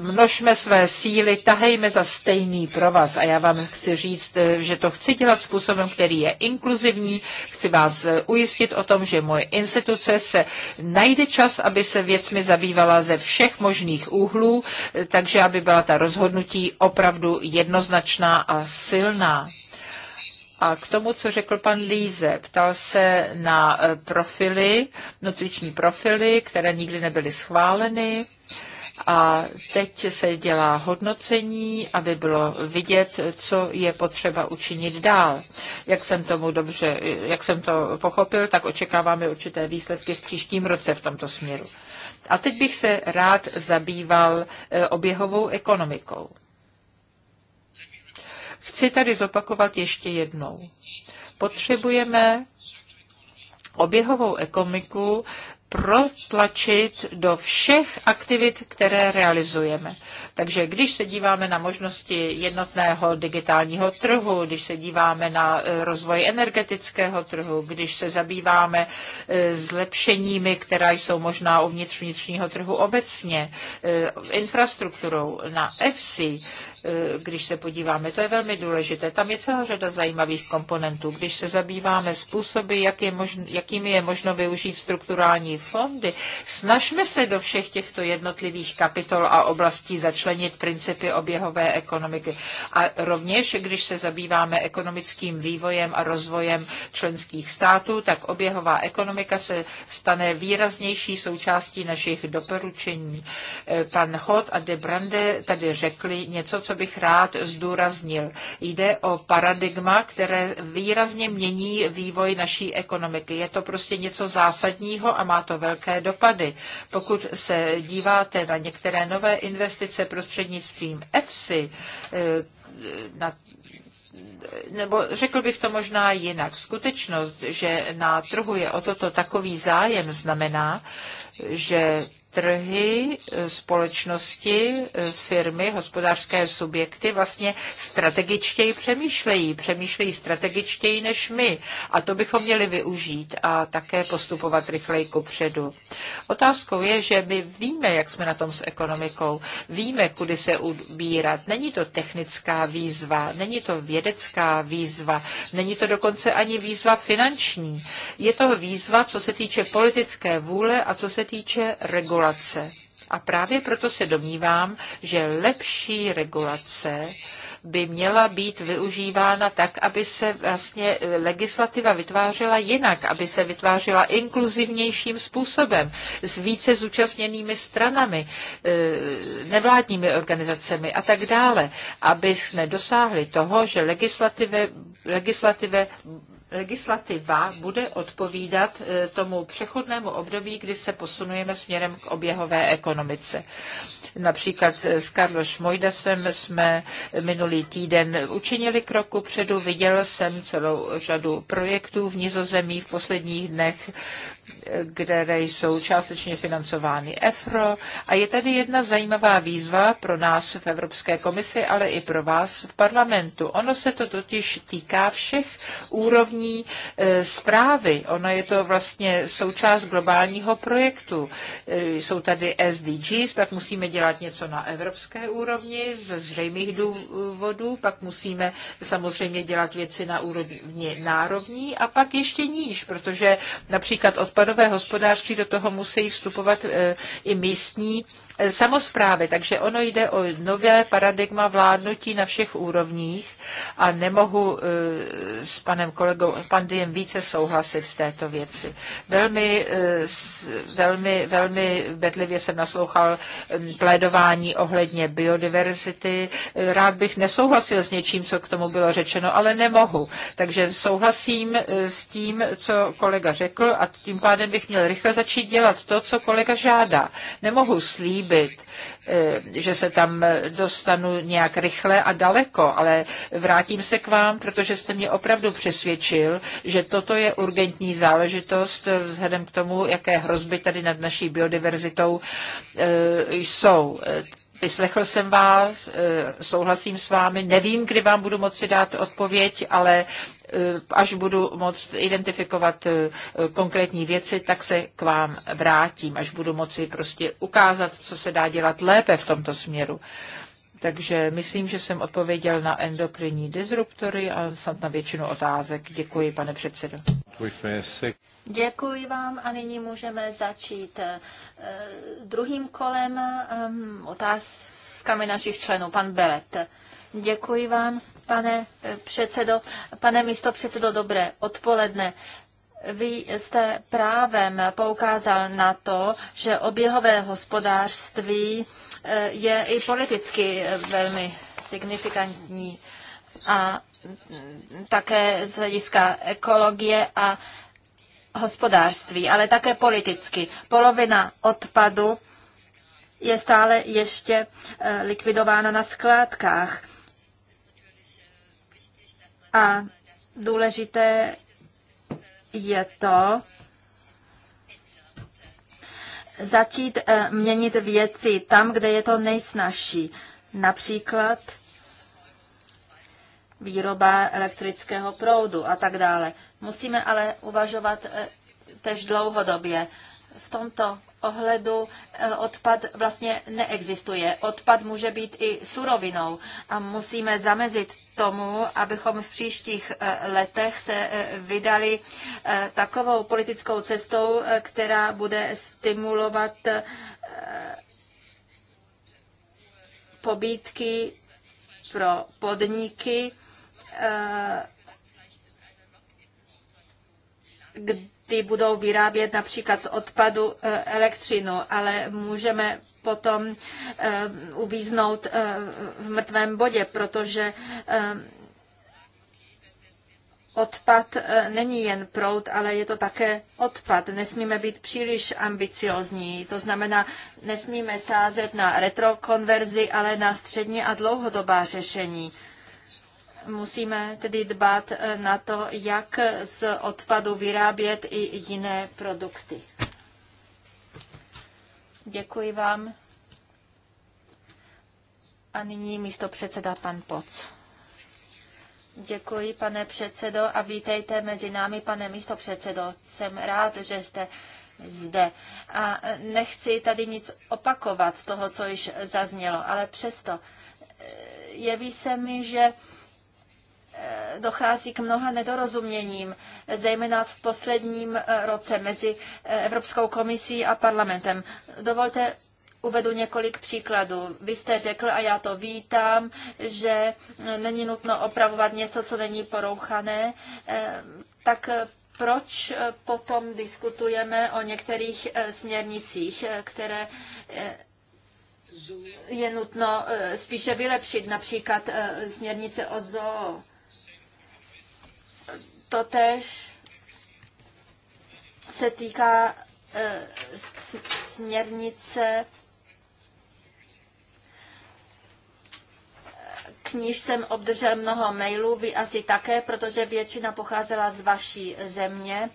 množme své síly, tahejme za stejný provaz. A já vám chci říct, že to chci dělat způsobem, který je inkluzivní. Chci vás ujistit o tom, že moje instituce se najde čas, aby se věcmi zabývala ze všech možných úhlů, takže aby byla ta rozhodnutí opravdu jednoznačná a silná silná. A k tomu, co řekl pan Líze, ptal se na e, profily, nutriční profily, které nikdy nebyly schváleny. A teď se dělá hodnocení, aby bylo vidět, co je potřeba učinit dál. Jak jsem tomu dobře, jak jsem to pochopil, tak očekáváme určité výsledky v příštím roce v tomto směru. A teď bych se rád zabýval e, oběhovou ekonomikou chci tady zopakovat ještě jednou. Potřebujeme oběhovou ekonomiku protlačit do všech aktivit, které realizujeme. Takže když se díváme na možnosti jednotného digitálního trhu, když se díváme na eh, rozvoj energetického trhu, když se zabýváme eh, zlepšeními, která jsou možná uvnitř vnitřního trhu obecně, eh, infrastrukturou na EFSI, Eh, když se podíváme. To je velmi důležité. Tam je celá řada zajímavých komponentů. Když se zabýváme způsoby, jak je možno, jakými je možno využít strukturální fondy, snažme se do všech těchto jednotlivých kapitol a oblastí začlenit principy oběhové ekonomiky. A rovněž, když se zabýváme ekonomickým vývojem a rozvojem členských států, tak oběhová ekonomika se stane výraznější součástí našich doporučení. Eh, pan Hot a de Brande tady řekli něco, co co bych rád zdůraznil. Jde o paradigma, které výrazně mění vývoj naší ekonomiky. Je to prostě něco zásadního a má to velké dopady. Pokud se díváte na některé nové investice prostřednictvím EFSI, eh, na nebo řekl bych to možná jinak. Skutečnost, že na trhu je o toto takový zájem, znamená, že trhy, eh, společnosti, eh, firmy, hospodářské subjekty vlastně strategičtěji přemýšlejí. Přemýšlejí strategičtěji než my. A to bychom měli využít a také postupovat rychleji ku předu. Otázkou je, že my víme, jak jsme na tom s ekonomikou. Víme, kudy se ubírat. Není to technická výzva, není to vědecká výzva, není to dokonce ani výzva finanční. Je to výzva, co se týče politické vůle a co se týče regulace regulace. A právě proto se domnívám, že lepší regulace by měla být využívána tak, aby se vlastně eh, legislativa vytvářela jinak, aby se vytvářela inkluzivnějším způsobem, s více zúčastněnými stranami, eh, nevládními organizacemi a tak dále, aby jsme dosáhli toho, že legislativa legislativa bude odpovídat e, tomu přechodnému období, kdy se posunujeme směrem k oběhové ekonomice. Například s Karlo Šmojdasem jsme minulý týden učinili kroku předu. Viděl jsem celou řadu projektů v Nizozemí v posledních dnech, kde jsou částečně financovány EFRO. A je tady jedna zajímavá výzva pro nás v Evropské komisi, ale i pro vás v parlamentu. Ono se to totiž týká všech úrovní globální e, zprávy. Ona je to vlastně součást globálního projektu. E, jsou tady SDGs, pak musíme dělat něco na evropské úrovni ze zřejmých důvodů, pak musíme samozřejmě dělat věci na úrovni národní a pak ještě níž, protože například odpadové hospodářství do toho musí vstupovat e, i místní samozprávy. Takže ono jde o nové paradigma vládnutí na všech úrovních a nemohu eh, s panem kolegou Pandiem více souhlasit v této věci. Velmi, eh, velmi, velmi bedlivě jsem naslouchal hm, plédování ohledně biodiverzity. Eh, rád bych nesouhlasil s něčím, co k tomu bylo řečeno, ale nemohu. Takže souhlasím s tím, co kolega řekl a tím pádem bych měl rychle začít dělat to, co kolega žádá. Nemohu slíbit, pochopit, eh, že se tam dostanu nějak rychle a daleko, ale vrátím se k vám, protože jste mě opravdu přesvědčil, že toto je urgentní záležitost vzhledem k tomu, jaké hrozby tady nad naší biodiverzitou eh, jsou. Vyslechl jsem vás, eh, souhlasím s vámi, nevím, kdy vám budu moci dát odpověď, ale Eh, až budu moct identifikovat eh, konkrétní věci, tak se k vám vrátím, až budu moci prostě ukázat, co se dá dělat lépe v tomto směru. Takže myslím, že jsem odpověděl na endokrinní disruptory a snad na většinu otázek. Děkuji, pane předsedo. Děkuji vám a nyní můžeme začít eh, druhým kolem ehm, otázkami našich členů. Pan Belet. Děkuji vám pane eh, předsedo. Pane místo předsedo, dobré odpoledne. Vy jste právem poukázal na to, že oběhové hospodářství eh, je i politicky eh, velmi signifikantní a mm, také z hlediska ekologie a hospodářství, ale také politicky. Polovina odpadu je stále ještě likvidována na skládkách. A důležité je to, začít eh, měnit věci tam, kde je to nejsnažší. Například výroba elektrického proudu a tak dále. Musíme ale uvažovat eh, tež dlouhodobě v tomto ohledu e, odpad vlastně neexistuje. Odpad může být i surovinou a musíme zamezit tomu, abychom v příštích e, letech se e, vydali takovou politickou cestou, která bude stimulovat pobídky pro podniky, kde ty budou vyrábět například z odpadu eh, elektřinu, ale můžeme potom eh, uvíznout eh, v mrtvém bodě, protože odpad není jen prout, ale je to také odpad. Nesmíme být příliš ambiciozní. To znamená, nesmíme sázet na retrokonverzi, ale na střední a dlouhodobá řešení. Musíme tedy dbát eh, na to, jak z odpadu vyrábět i jiné produkty. Děkuji vám. A nyní místo předseda pan Poc. Děkuji, pane předsedo, a vítejte mezi námi, pane místo předsedo. Jsem rád, že jste zde. A eh, nechci tady nic opakovat z toho, co již zaznělo, ale přesto eh, jeví se mi, že dochází k mnoha nedorozuměním, zejména v posledním eh, roce mezi eh, Evropskou komisí a parlamentem. Dovolte uvedu několik příkladů. Vy jste řekl, a já to vítám, že eh, není nutno opravovat něco, co není porouchané, tak proč potom diskutujeme o některých směrnicích, které je nutno spíše vylepšit, například směrnice o zoo to tež se týká eh, směrnice, eh, k níž jsem obdržel mnoho mailů, vy asi také, protože většina pocházela z vaší země.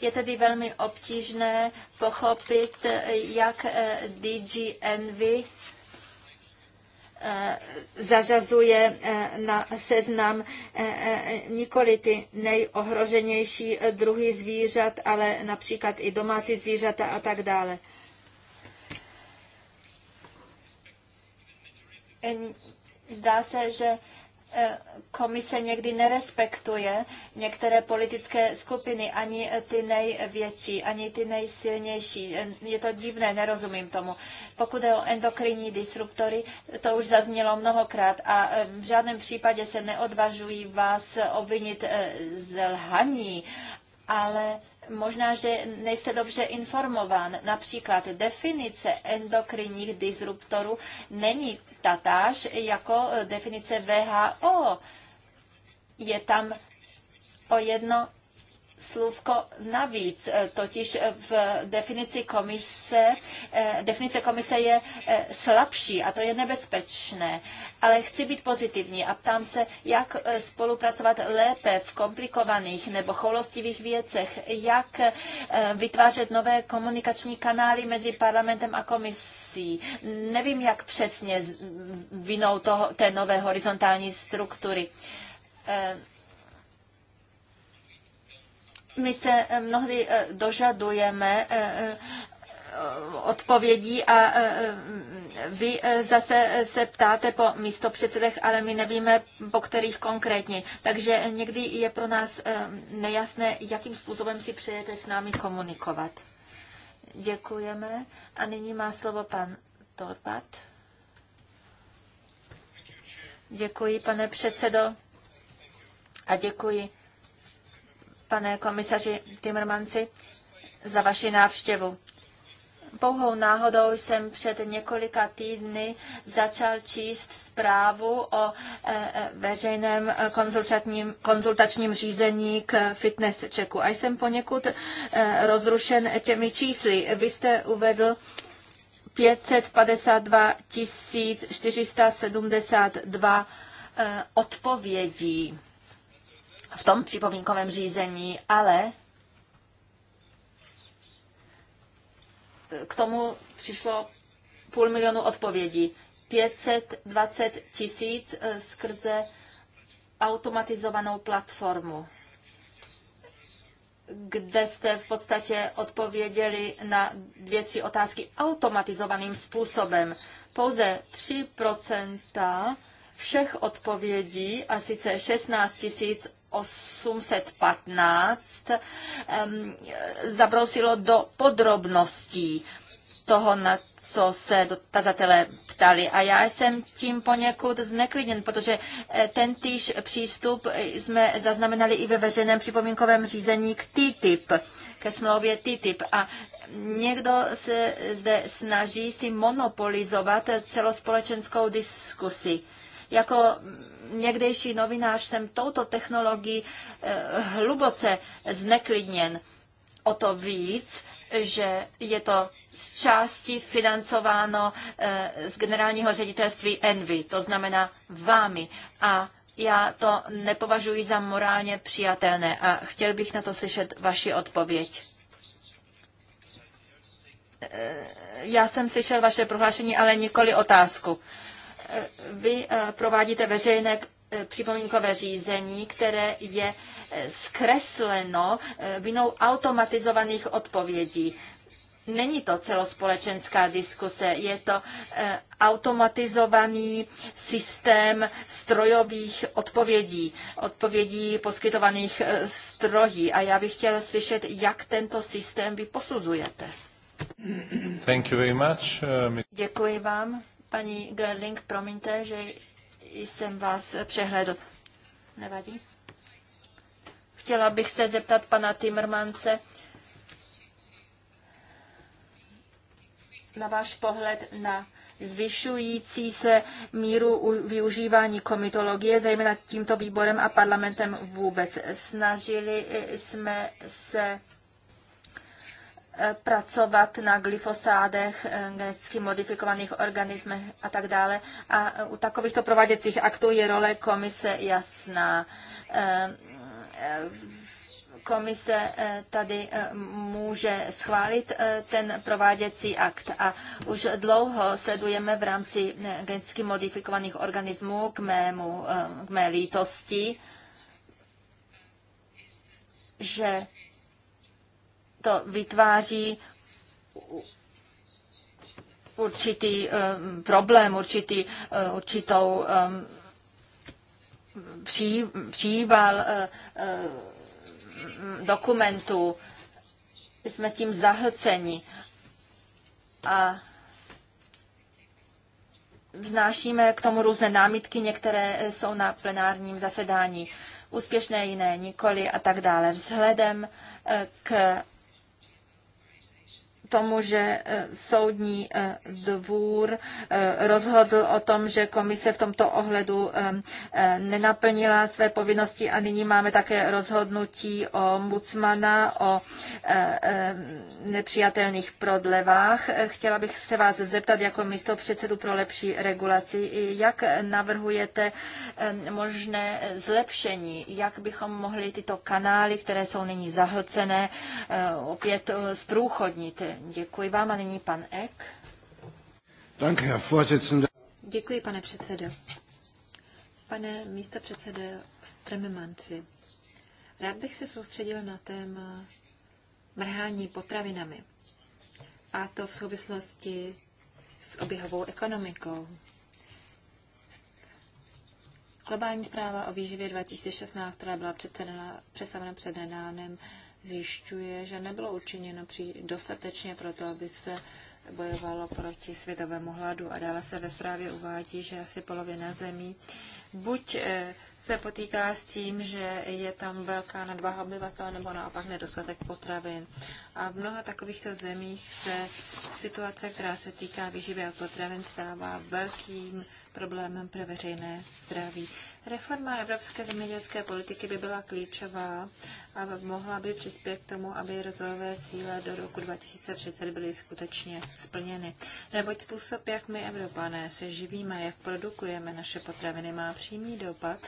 Je tedy velmi obtížné pochopit, eh, jak DG Envy Eh, zařazuje eh, na seznam eh, nikoli ty nejohroženější druhy zvířat, ale například i domácí zvířata a tak dále. Zdá se, že komise někdy nerespektuje některé politické skupiny, ani ty největší, ani ty nejsilnější. Je to divné, nerozumím tomu. Pokud je o endokrinní disruptory, to už zaznělo mnohokrát a e, v žádném případě se neodvažují vás obvinit e, z lhaní, ale možná, že nejste dobře informován. Například definice endokrinních disruptorů není tatáž jako eh, definice VHO. Je tam o jedno slůvko navíc, eh, totiž v definici komise, eh, definice komise je eh, slabší a to je nebezpečné. Ale chci být pozitivní a ptám se, jak spolupracovat lépe v komplikovaných nebo choulostivých věcech, jak vytvářet nové komunikační kanály mezi parlamentem a komisí. Nevím, jak přesně vinou toho, té nové horizontální struktury my se eh, mnohdy eh, dožadujeme eh, odpovědí a vy zase se ptáte po místopředsedech, ale my nevíme, po kterých konkrétně. Takže někdy je pro nás nejasné, jakým způsobem si přejete s námi komunikovat. Děkujeme. A nyní má slovo pan Torbat. Děkuji, pane předsedo. A děkuji pane komisaři Timmermansi, za vaši návštěvu. Pouhou náhodou jsem před několika týdny začal číst zprávu o e, e, veřejném konzultačním, konzultačním řízení k fitness checku a jsem poněkud e, rozrušen těmi čísly. Vy jste uvedl 552 472 odpovědí v tom připomínkovém řízení, ale k tomu přišlo půl milionu odpovědí. 520 tisíc eh, skrze automatizovanou platformu, kde jste v podstatě odpověděli na dvě, tři otázky automatizovaným způsobem. Pouze 3 všech odpovědí, a sice 16 tisíc 815 zabrousilo do podrobností toho, na co se dotazatelé ptali. A já jsem tím poněkud zneklidněn, protože eh, ten týž přístup jsme zaznamenali i ve veřejném připomínkovém řízení k TTIP, ke smlouvě TTIP. A někdo se zde snaží si monopolizovat celospolečenskou diskusi. Jako někdejší novinář jsem touto technologií eh, hluboce zneklidněn. O to víc, že je to z části financováno eh, z generálního ředitelství Envy, to znamená vámi. A já to nepovažuji za morálně přijatelné a chtěl bych na to slyšet vaši odpověď. Eh, já jsem slyšel vaše prohlášení, ale nikoli otázku vy eh, provádíte veřejné eh, připomínkové řízení, které je eh, zkresleno vinou automatizovaných odpovědí. Není to celospolečenská diskuse, je to automatizovaný systém strojových odpovědí, odpovědí poskytovaných strojí. A já bych chtěla slyšet, jak tento systém vy posuzujete. Thank you very much. Děkuji vám. Paní Gerling, promiňte, že jsem vás přehledl. Nevadí? Chtěla bych se zeptat pana Timmermance na váš pohled na zvyšující se míru využívání komitologie, zejména tímto výborem a parlamentem vůbec. Snažili eh, jsme se Eh, pracovat na glyfosádech, eh, geneticky modifikovaných organismech a tak dále. A eh, u takovýchto prováděcích aktů je role komise jasná. Komise tady může schválit ten prováděcí akt a už dlouho sledujeme v rámci geneticky modifikovaných organismů k, mému, k mé lítosti, že to vytváří určitý um, problém, určitý, uh, určitou um, pří, příval uh, uh, dokumentů. Jsme tím zahlceni a vznášíme k tomu různé námitky, některé jsou na plenárním zasedání úspěšné, jiné nikoli a tak dále. Vzhledem k tomu, že e, soudní e, dvůr e, rozhodl o tom, že komise v tomto ohledu nenaplnila své povinnosti a nyní máme také rozhodnutí o ombudsmana o nepřijatelných prodlevách. Chtěla bych se vás zeptat jako místo předsedu pro lepší regulaci, jak navrhujete možné zlepšení, jak bychom mohli tyto kanály, které jsou nyní zahlcené, opět zprůchodnit. Děkuji vám a nyní pan Ek. Děkuji, pane předsedo. Pane místo předsede Trememanci, rád bych se soustředil na téma mrhání potravinami. A to v souvislosti s oběhovou ekonomikou. Globální zpráva o výživě 2016, která byla představena před nedávnem, zjišťuje, že nebylo učiněno dostatečně pro to, aby se bojovalo proti světovému hladu. A dále se ve zprávě uvádí, že asi polovina zemí buď eh, se potýká s tím, že je tam velká nadvaha obyvatel, nebo naopak nedostatek potravin. A v mnoha takovýchto zemích se situace, která se týká výživy a potravin, stává velkým problémem pro veřejné zdraví. Reforma evropské zemědělské politiky by byla klíčová a mohla by přispět k tomu, aby rozvojové cíle do roku 2030 byly skutečně splněny. Neboť způsob, jak my Evropané se živíme, jak produkujeme naše potraviny, má přímý dopad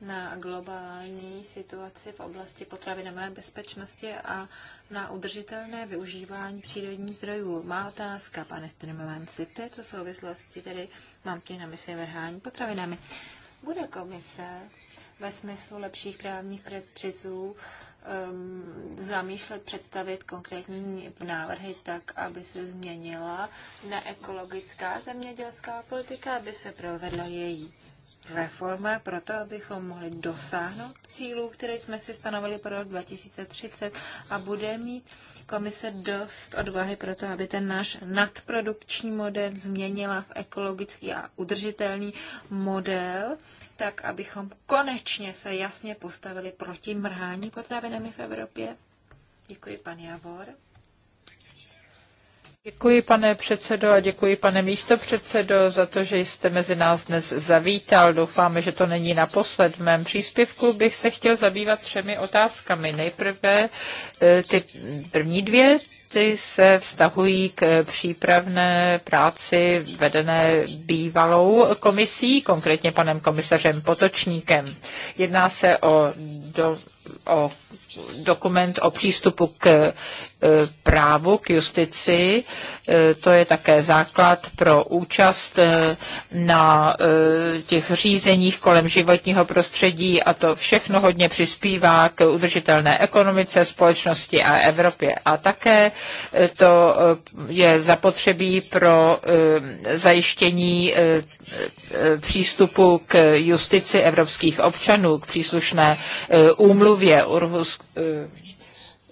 na globální situaci v oblasti potravinové bezpečnosti a na udržitelné využívání přírodních zdrojů. Má otázka, pane Strimomanci, v této souvislosti tedy mám tě na mysli vrhání potravinami. Bude komise ve smyslu lepších právních předpisů um, zamýšlet, představit konkrétní návrhy tak, aby se změnila neekologická zemědělská politika, aby se provedla její reforma proto, abychom mohli dosáhnout cílů, které jsme si stanovili pro rok 2030 a bude mít komise dost odvahy pro to, aby ten náš nadprodukční model změnila v ekologický a udržitelný model, tak abychom konečně se jasně postavili proti mrhání potravinami v Evropě. Děkuji, pan Javor. Děkuji, pane předsedo, a děkuji, pane místopředsedo, za to, že jste mezi nás dnes zavítal. Doufáme, že to není naposled. V mém příspěvku bych se chtěl zabývat třemi otázkami. Nejprve eh, ty první dvě, ty se vztahují k přípravné práci vedené bývalou komisí, konkrétně panem komisařem Potočníkem. Jedná se o, do, o dokument o přístupu k e, právu, k justici. E, to je také základ pro účast e, na těch řízeních kolem životního prostředí a to všechno hodně přispívá k udržitelné ekonomice, společnosti a Evropě. A také to je zapotřebí pro zajištění přístupu k justici evropských občanů, k příslušné úmluvě Eh,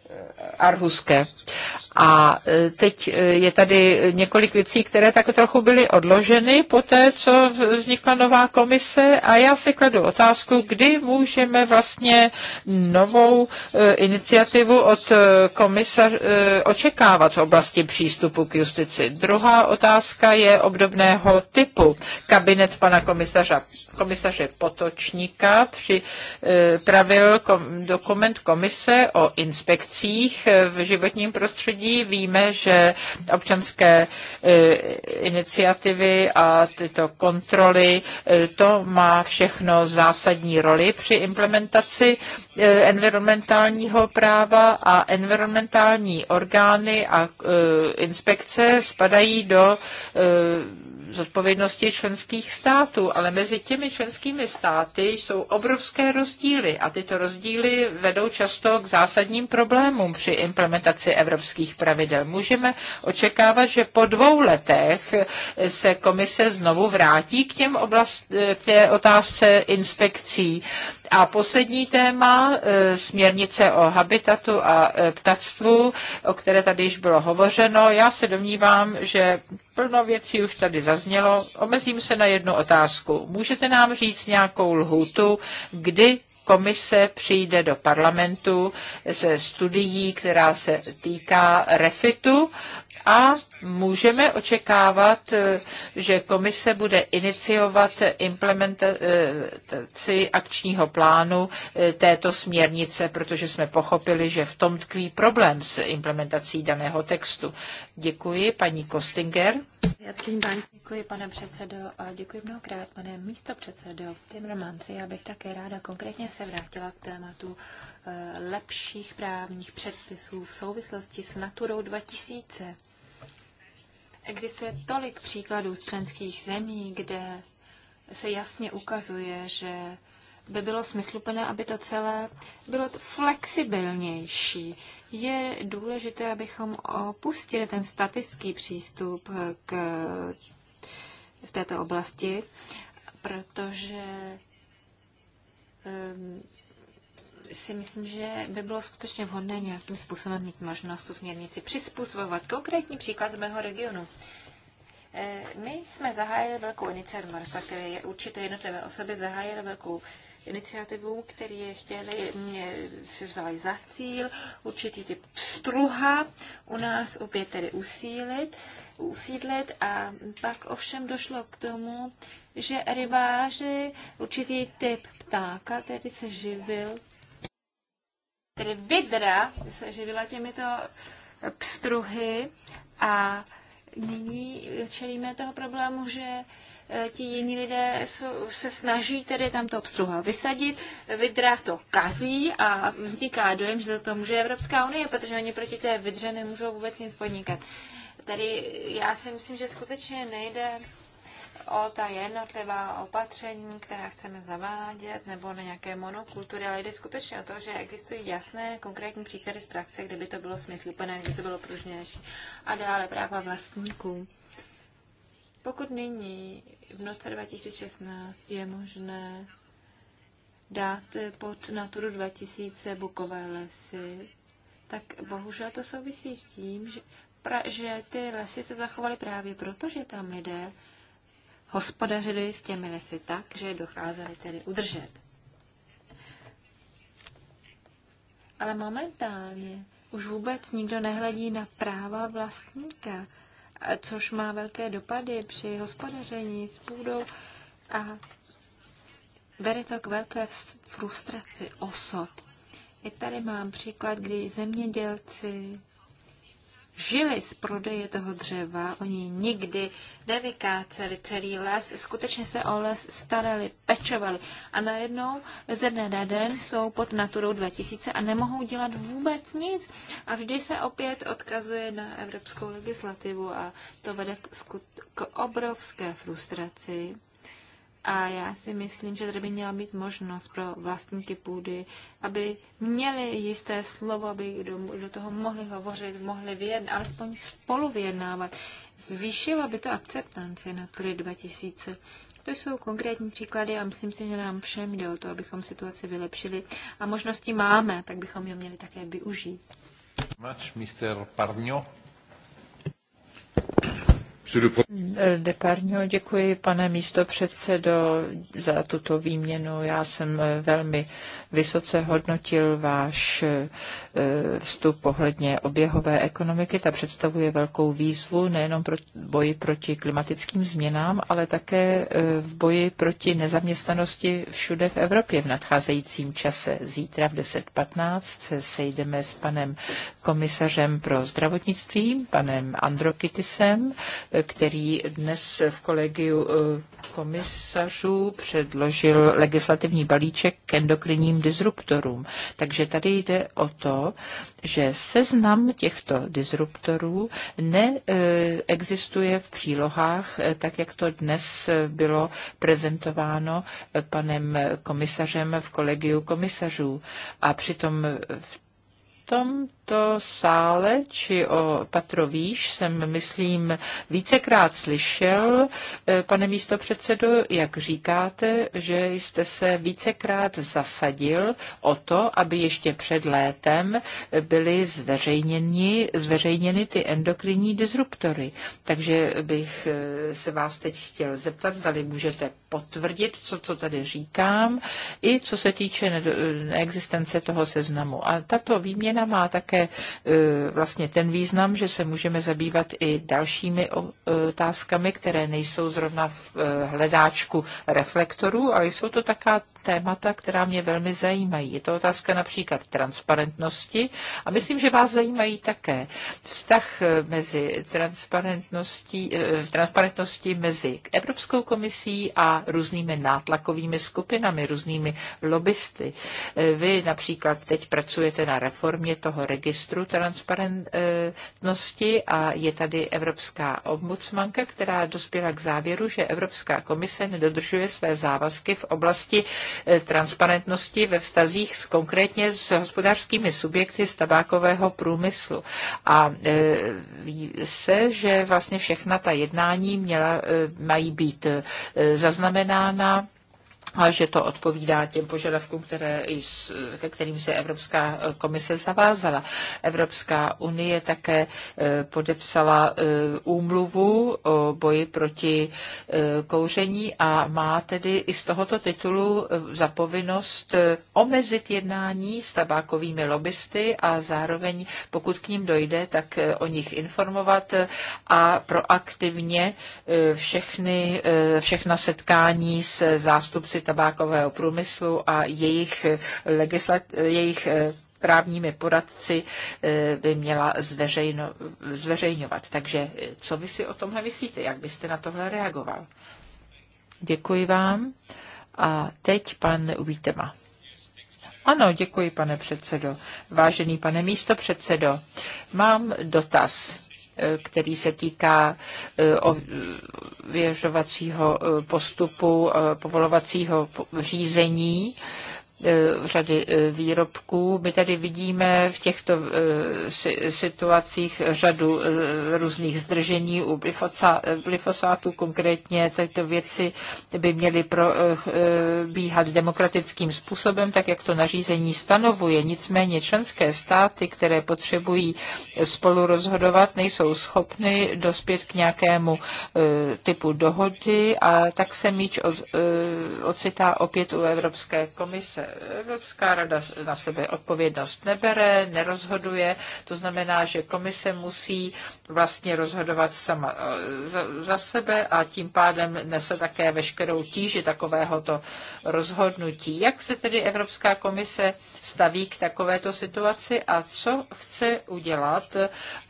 eh, Arhuské. A e, teď e, je tady několik věcí, které tak trochu byly odloženy po té, co vznikla nová komise a já si kladu otázku, kdy můžeme vlastně novou e, iniciativu od komisa očekávat v oblasti přístupu k justici. Druhá otázka je obdobného typu. Kabinet pana komisaře, komisaře Potočníka připravil dokument komise o inspekcích v životním prostředí prostředí. Víme, že občanské e, iniciativy a tyto kontroly, e, to má všechno zásadní roli při implementaci e, environmentálního práva a environmentální orgány a inspekce spadají do zodpovědnosti členských států, ale mezi těmi členskými státy jsou obrovské rozdíly a tyto rozdíly vedou často k zásadním problémům při implementaci evropských pravidel. Můžeme očekávat, že po dvou letech se komise znovu vrátí k, těm oblast, k té otázce inspekcí a poslední téma, e, směrnice o habitatu a e, ptactvu, o které tady již bylo hovořeno. Já se domnívám, že plno věcí už tady zaznělo. Omezím se na jednu otázku. Můžete nám říct nějakou lhůtu, kdy komise přijde do parlamentu se studií, která se týká refitu a můžeme očekávat, eh, že komise bude iniciovat implementaci akčního plánu eh, této směrnice, protože jsme pochopili, že v tom tkví problém s implementací daného textu. Děkuji, paní Kostinger. Děkuji, pane předsedo, a děkuji mnohokrát, pane místo předsedo Timmermans. Já bych také ráda konkrétně se vrátila k tématu Eh, lepších právních předpisů v souvislosti s Naturou 2000. Existuje tolik příkladů z členských zemí, kde se jasně ukazuje, že by bylo smysluplné, aby to celé bylo flexibilnější. Je důležité, abychom opustili ten statický přístup k, v této oblasti, protože si myslím, že by bylo skutečně vhodné nějakým způsobem mít možnost tu směrnici přizpůsobovat. Konkrétní příklad z mého regionu. E, my jsme zahájili velkou iniciativu, respektive určité jednotlivé osoby zahájily velkou iniciativu, který chtěli, mě e, si vzali za cíl, určitý typ struha u nás opět tedy usílit, usídlit a pak ovšem došlo k tomu, že rybáři určitý typ ptáka tedy se živil Tedy vidra se živila těmito pstruhy a nyní čelíme toho problému, že eh, ti jiní lidé se snaží tedy tamto obstruha vysadit, vidra to kazí a vzniká dojem, že za to může Evropská unie, protože oni proti té vidře nemůžou vůbec nic podnikat. Tady já si myslím, že skutečně nejde o ta jednotlivá opatření, která chceme zavádět, nebo na nějaké monokultury, ale jde skutečně o to, že existují jasné konkrétní příklady z praxe, kdyby to bylo smysluplné, kdyby to bylo pružnější. A dále práva vlastníků. Pokud nyní v noci 2016 je možné dát pod Naturu 2000 bukové lesy, tak bohužel to souvisí s tím, že, pra, že ty lesy se zachovaly právě proto, že tam lidé hospodařili s těmi lesy tak, že je docházeli tedy udržet. Ale momentálně už vůbec nikdo nehledí na práva vlastníka, což má velké dopady při hospodaření s půdou a vede to k velké frustraci osob. I tady mám příklad, kdy zemědělci žili z prodeje toho dřeva, oni nikdy nevykáceli celý les, skutečně se o les starali, pečovali a najednou ze dne na den jsou pod naturou 2000 a nemohou dělat vůbec nic a vždy se opět odkazuje na evropskou legislativu a to vede k, k obrovské frustraci a já si myslím, že tady by měla být možnost pro vlastníky půdy, aby měli jisté slovo, aby do, do toho mohli hovořit, mohli vyjednávat, alespoň spolu vyjednávat. Zvýšila by to akceptanci na Natury 2000. To jsou konkrétní příklady a myslím si, že nám všem jde o to, abychom situaci vylepšili a možnosti máme, tak bychom je měli také využít. Much, Mr. Parnio. Mm, Deparňo, děkuji, pane místo předsedo, za tuto výměnu. Já jsem eh, velmi vysoce hodnotil váš e, vstup pohledně oběhové ekonomiky. Ta představuje velkou výzvu nejenom pro boji proti klimatickým změnám, ale také e, v boji proti nezaměstnanosti všude v Evropě v nadcházejícím čase. Zítra v 10.15 se sejdeme s panem komisařem pro zdravotnictví, panem Androkitisem, e, který dnes v kolegiu komisařů předložil legislativní balíček k endokrinním disruptorům. Takže tady jde o to, že seznam těchto disruptorů neexistuje v přílohách, eh, tak jak to dnes eh, bylo prezentováno eh, panem komisařem v kolegiu komisařů. A přitom v tom tomto sále či o patrovíš, jsem, myslím, vícekrát slyšel, eh, pane místo předsedo, jak říkáte, že jste se vícekrát zasadil o to, aby ještě před létem byly zveřejněni, zveřejněny ty endokrinní disruptory. Takže bych eh, se vás teď chtěl zeptat, zdali můžete potvrdit, co, co tady říkám, i co se týče neexistence toho seznamu. A tato výměna má také E, vlastně ten význam, že se můžeme zabývat i dalšími e, otázkami, které nejsou zrovna v e, hledáčku reflektorů, ale jsou to taká témata, která mě velmi zajímají. Je to otázka například transparentnosti a myslím, že vás zajímají také vztah mezi transparentností, transparentnosti mezi Evropskou komisí a různými nátlakovými skupinami, různými lobbysty. Vy například teď pracujete na reformě toho registru transparentnosti a je tady Evropská ombudsmanka, která dospěla k závěru, že Evropská komise nedodržuje své závazky v oblasti eh, transparentnosti ve vztazích s konkrétně s hospodářskými subjekty z tabákového průmyslu. A eh, ví se, že vlastně všechna ta jednání měla, eh, mají být zaznamenána a že to odpovídá těm požadavkům, které, ke kterým se Evropská komise zavázala. Evropská unie také e, podepsala e, úmluvu o boji proti e, kouření a má tedy i z tohoto titulu zapovinnost omezit jednání s tabákovými lobbysty a zároveň, pokud k ním dojde, tak o nich informovat a proaktivně všechny, všechna setkání s zástupci zástupci tabákového průmyslu a jejich, legislat, jejich eh, právními poradci eh, by měla zveřejno, zveřejňovat. Takže eh, co vy si o tomhle myslíte? Jak byste na tohle reagoval? Děkuji vám. A teď pan Uvítema. Ano, děkuji, pane předsedo. Vážený pane místo předsedo, mám dotaz který se týká e, ověřovacího e, postupu, e, povolovacího řízení E, řady e, výrobků. My tady vidíme v těchto e, situacích řadu různých zdržení u glyfosátu konkrétně. Tyto věci by měly probíhat demokratickým způsobem, tak jak to nařízení stanovuje. Nicméně členské státy, které potřebují spolu rozhodovat, nejsou schopny dospět k nějakému typu dohody a tak se míč ocitá opět u Evropské komise. Evropská rada na sebe odpovědnost nebere, nerozhoduje, to znamená, že komise musí vlastně rozhodovat sama eh, za sebe a tím pádem nese také veškerou tíži takovéhoto rozhodnutí. Jak se tedy Evropská komise staví k takovéto situaci a co chce udělat,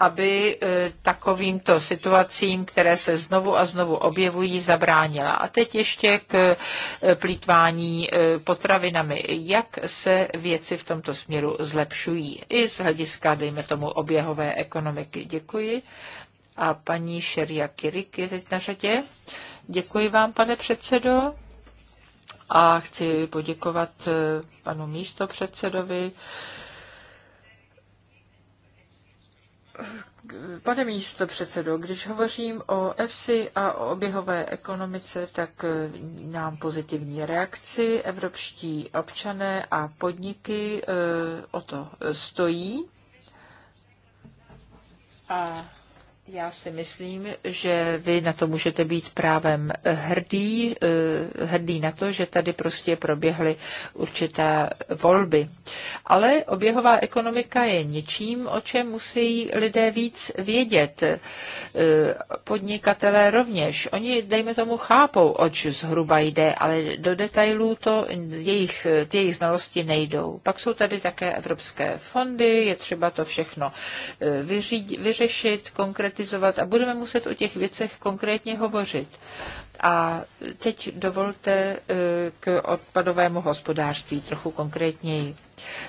aby eh, takovýmto situacím, které se znovu a znovu objevují, zabránila? A teď ještě k eh, plítvání potravinami jak se věci v tomto směru zlepšují. I z hlediska, dejme tomu, oběhové ekonomiky. Děkuji. A paní Šeria Kirik je teď na řadě. Děkuji vám, pane předsedo. A chci poděkovat eh, panu místo předsedovi. Pane místo předsedo, když hovořím o EFSI a o oběhové ekonomice, tak nám eh, pozitivní reakci evropští občané a podniky eh, o to stojí. A já si myslím, že vy na to můžete být právem hrdý, eh, hrdý na to, že tady prostě proběhly určitá volby. Ale oběhová ekonomika je něčím, o čem musí lidé víc vědět. Eh, podnikatelé rovněž. Oni, dejme tomu, chápou, oč zhruba jde, ale do detailů to jejich, ty jejich znalosti nejdou. Pak jsou tady také evropské fondy, je třeba to všechno eh, vyřídit, vyřešit, konkrétně konkretizovat a budeme muset o těch věcech konkrétně hovořit. A teď dovolte eh, k odpadovému hospodářství trochu konkrétněji.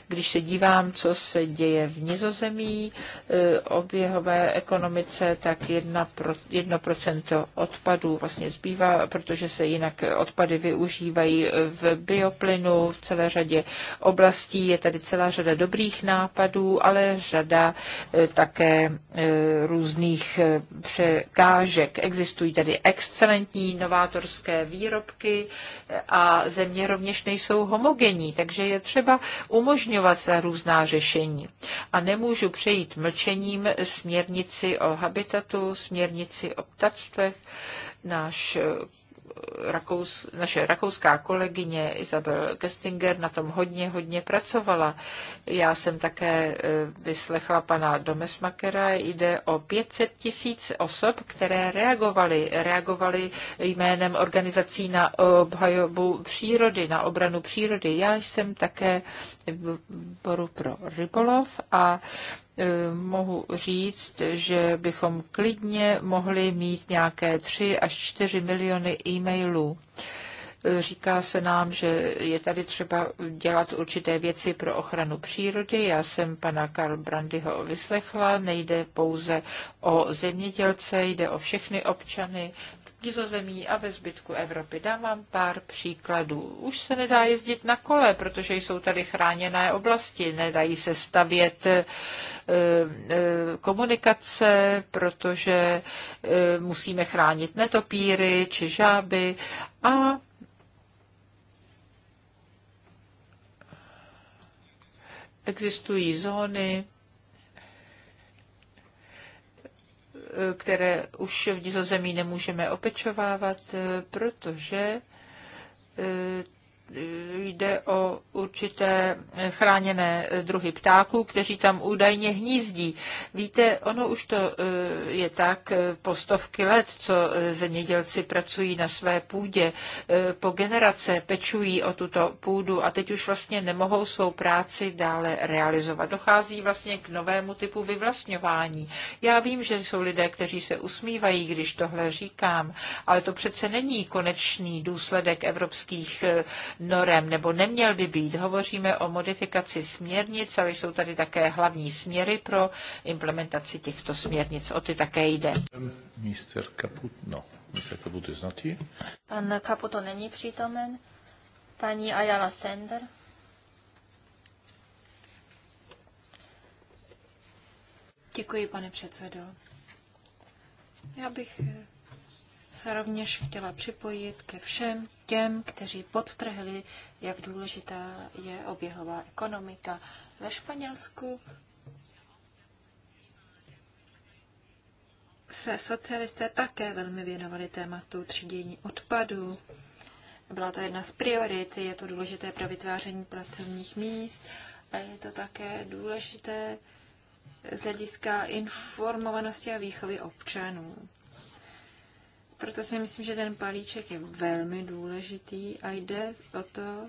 Když se dívám, co se děje v nizozemí eh, oběhové ekonomice, tak 1%, odpadů vlastně zbývá, protože se jinak odpady využívají v bioplynu, v celé řadě oblastí. Je tady celá řada dobrých nápadů, ale řada eh, také eh, různých překážek. Existují tady excelentní novátorské výrobky a země rovněž nejsou homogenní, takže je třeba um umožňovat ta různá řešení. A nemůžu přejít mlčením směrnici o habitatu, směrnici o ptactvech. Náš Rakous, naše rakouská kolegyně Isabel Gestinger na tom hodně, hodně pracovala. Já jsem také e, vyslechla pana Domesmakera, jde o 500 tisíc osob, které reagovaly. Reagovaly jménem organizací na obhajobu přírody, na obranu přírody. Já jsem také v boru pro rybolov a Eh, mohu říct, že bychom klidně mohli mít nějaké 3 až 4 miliony e-mailů. Eh, říká se nám, že je tady třeba dělat určité věci pro ochranu přírody. Já jsem pana Karl Brandyho vyslechla. Nejde pouze o zemědělce, jde o všechny občany Nizozemí a ve zbytku Evropy. Dám vám pár příkladů. Už se nedá jezdit na kole, protože jsou tady chráněné oblasti, nedají se stavět eh, eh, komunikace, protože eh, musíme chránit netopíry či žáby a existují zóny, které už v nizozemí nemůžeme opečovávat, eh, protože eh, jde o určité chráněné druhy ptáků, kteří tam údajně hnízdí. Víte, ono už to eh, je tak eh, po stovky let, co eh, zemědělci pracují na své půdě. Po generace pečují o tuto půdu a teď už vlastně nemohou svou práci dále realizovat. Dochází vlastně k novému typu vyvlastňování. Já vím, že jsou lidé, kteří se usmívají, když tohle říkám, ale to přece není konečný důsledek evropských norem, nebo neměl by být. Hovoříme o modifikaci směrnic, ale jsou tady také hlavní směry pro implementaci těchto směrnic. O ty také jde. Mr. Kaput, no, Mr. Kaput je znatý. Pan Kaputo není přítomen. Paní Ayala Sender. Děkuji, pane předsedo. Já bych eh, se rovněž chtěla připojit ke všem těm, kteří podtrhli, jak důležitá je oběhová ekonomika. Ve Španělsku se socialisté také velmi věnovali tématu třídění odpadů. Byla to jedna z priorit, je to důležité pro vytváření pracovních míst a je to také důležité z hlediska informovanosti a výchovy občanů. Proto si myslím, že ten palíček je velmi důležitý a jde o to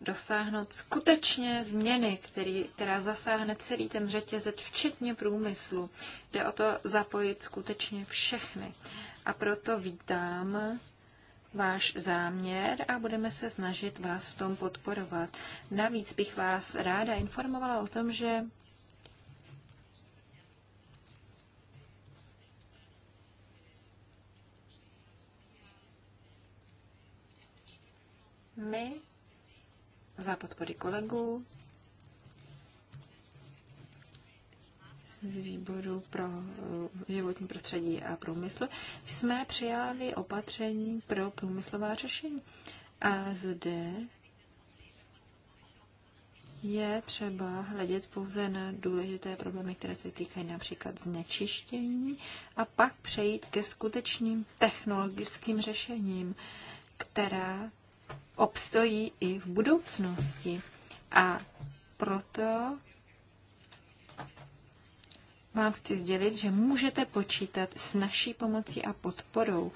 dosáhnout skutečně změny, který, která zasáhne celý ten řetězec, včetně průmyslu. Jde o to zapojit skutečně všechny. A proto vítám váš záměr a budeme se snažit vás v tom podporovat. Navíc bych vás ráda informovala o tom, že My za podpory kolegů z výboru pro eh, životní prostředí a průmysl jsme přijali opatření pro průmyslová řešení. A zde je třeba hledět pouze na důležité problémy, které se týkají například znečištění a pak přejít ke skutečným technologickým řešením, která obstojí i v budoucnosti. A proto vám chci sdělit, že můžete počítat s naší pomocí a podporou.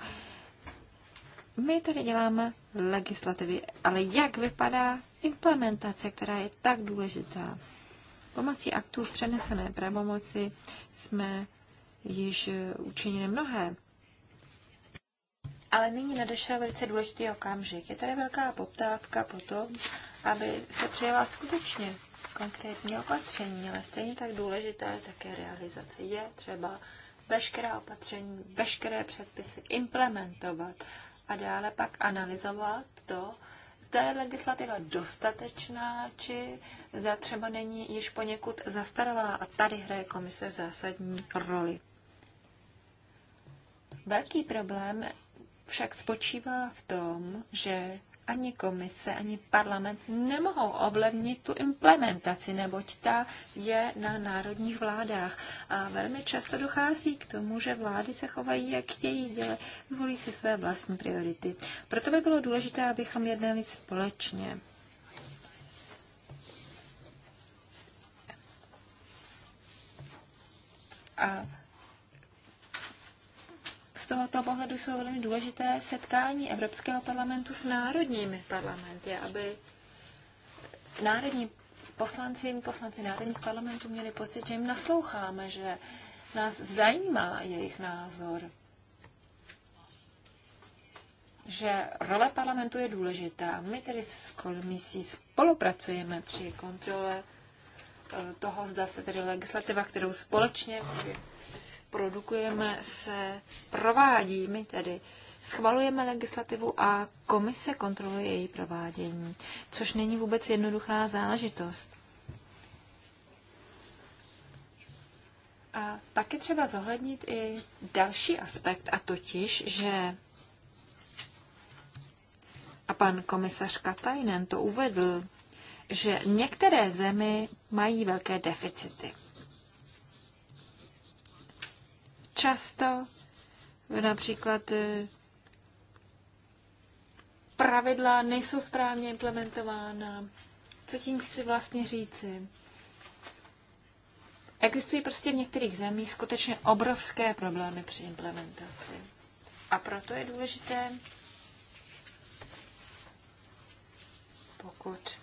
My tady děláme legislativy, ale jak vypadá implementace, která je tak důležitá? Pomocí aktů přenesené pravomoci jsme již učinili mnohé. Ale nyní nadešel velice důležitý okamžik. Je tady velká poptávka po tom, aby se přijela skutečně konkrétní opatření, ale stejně tak důležitá je také realizace. Je třeba veškerá opatření, veškeré předpisy implementovat a dále pak analyzovat to, zda je legislativa dostatečná, či zda třeba není již poněkud zastaralá a tady hraje komise zásadní roli. Velký problém však spočívá v tom, že ani komise, ani parlament nemohou ovlivnit tu implementaci, neboť ta je na národních vládách. A velmi často dochází k tomu, že vlády se chovají, jak chtějí, děle, zvolí si své vlastní priority. Proto by bylo důležité, abychom jednali společně. A z tohoto pohledu jsou velmi důležité setkání Evropského parlamentu s národními parlamenty, aby národní poslanci, poslanci národních parlamentů měli pocit, že jim nasloucháme, že nás zajímá jejich názor, že role parlamentu je důležitá. My tedy s komisí spolupracujeme při kontrole eh, toho, zda se tedy legislativa, kterou společně produkujeme, se provádí. My tedy schvalujeme legislativu a komise kontroluje její provádění, což není vůbec jednoduchá záležitost. A taky třeba zohlednit i další aspekt, a totiž, že a pan komisař Katajnen to uvedl, že některé zemi mají velké deficity. často například eh, pravidla nejsou správně implementována. Co tím chci vlastně říci? Existují prostě v některých zemích skutečně obrovské problémy při implementaci. A proto je důležité, pokud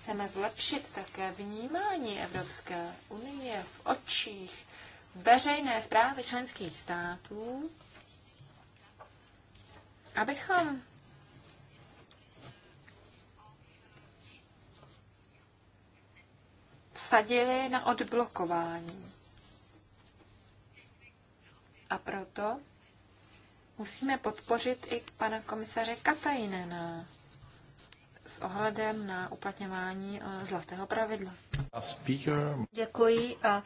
chceme zlepšit také vnímání Evropské unie v očích veřejné zprávy členských států, abychom vsadili na odblokování. A proto musíme podpořit i pana komisaře Katajinena s ohledem na uplatňování eh, zlatého pravidla. Děkuji a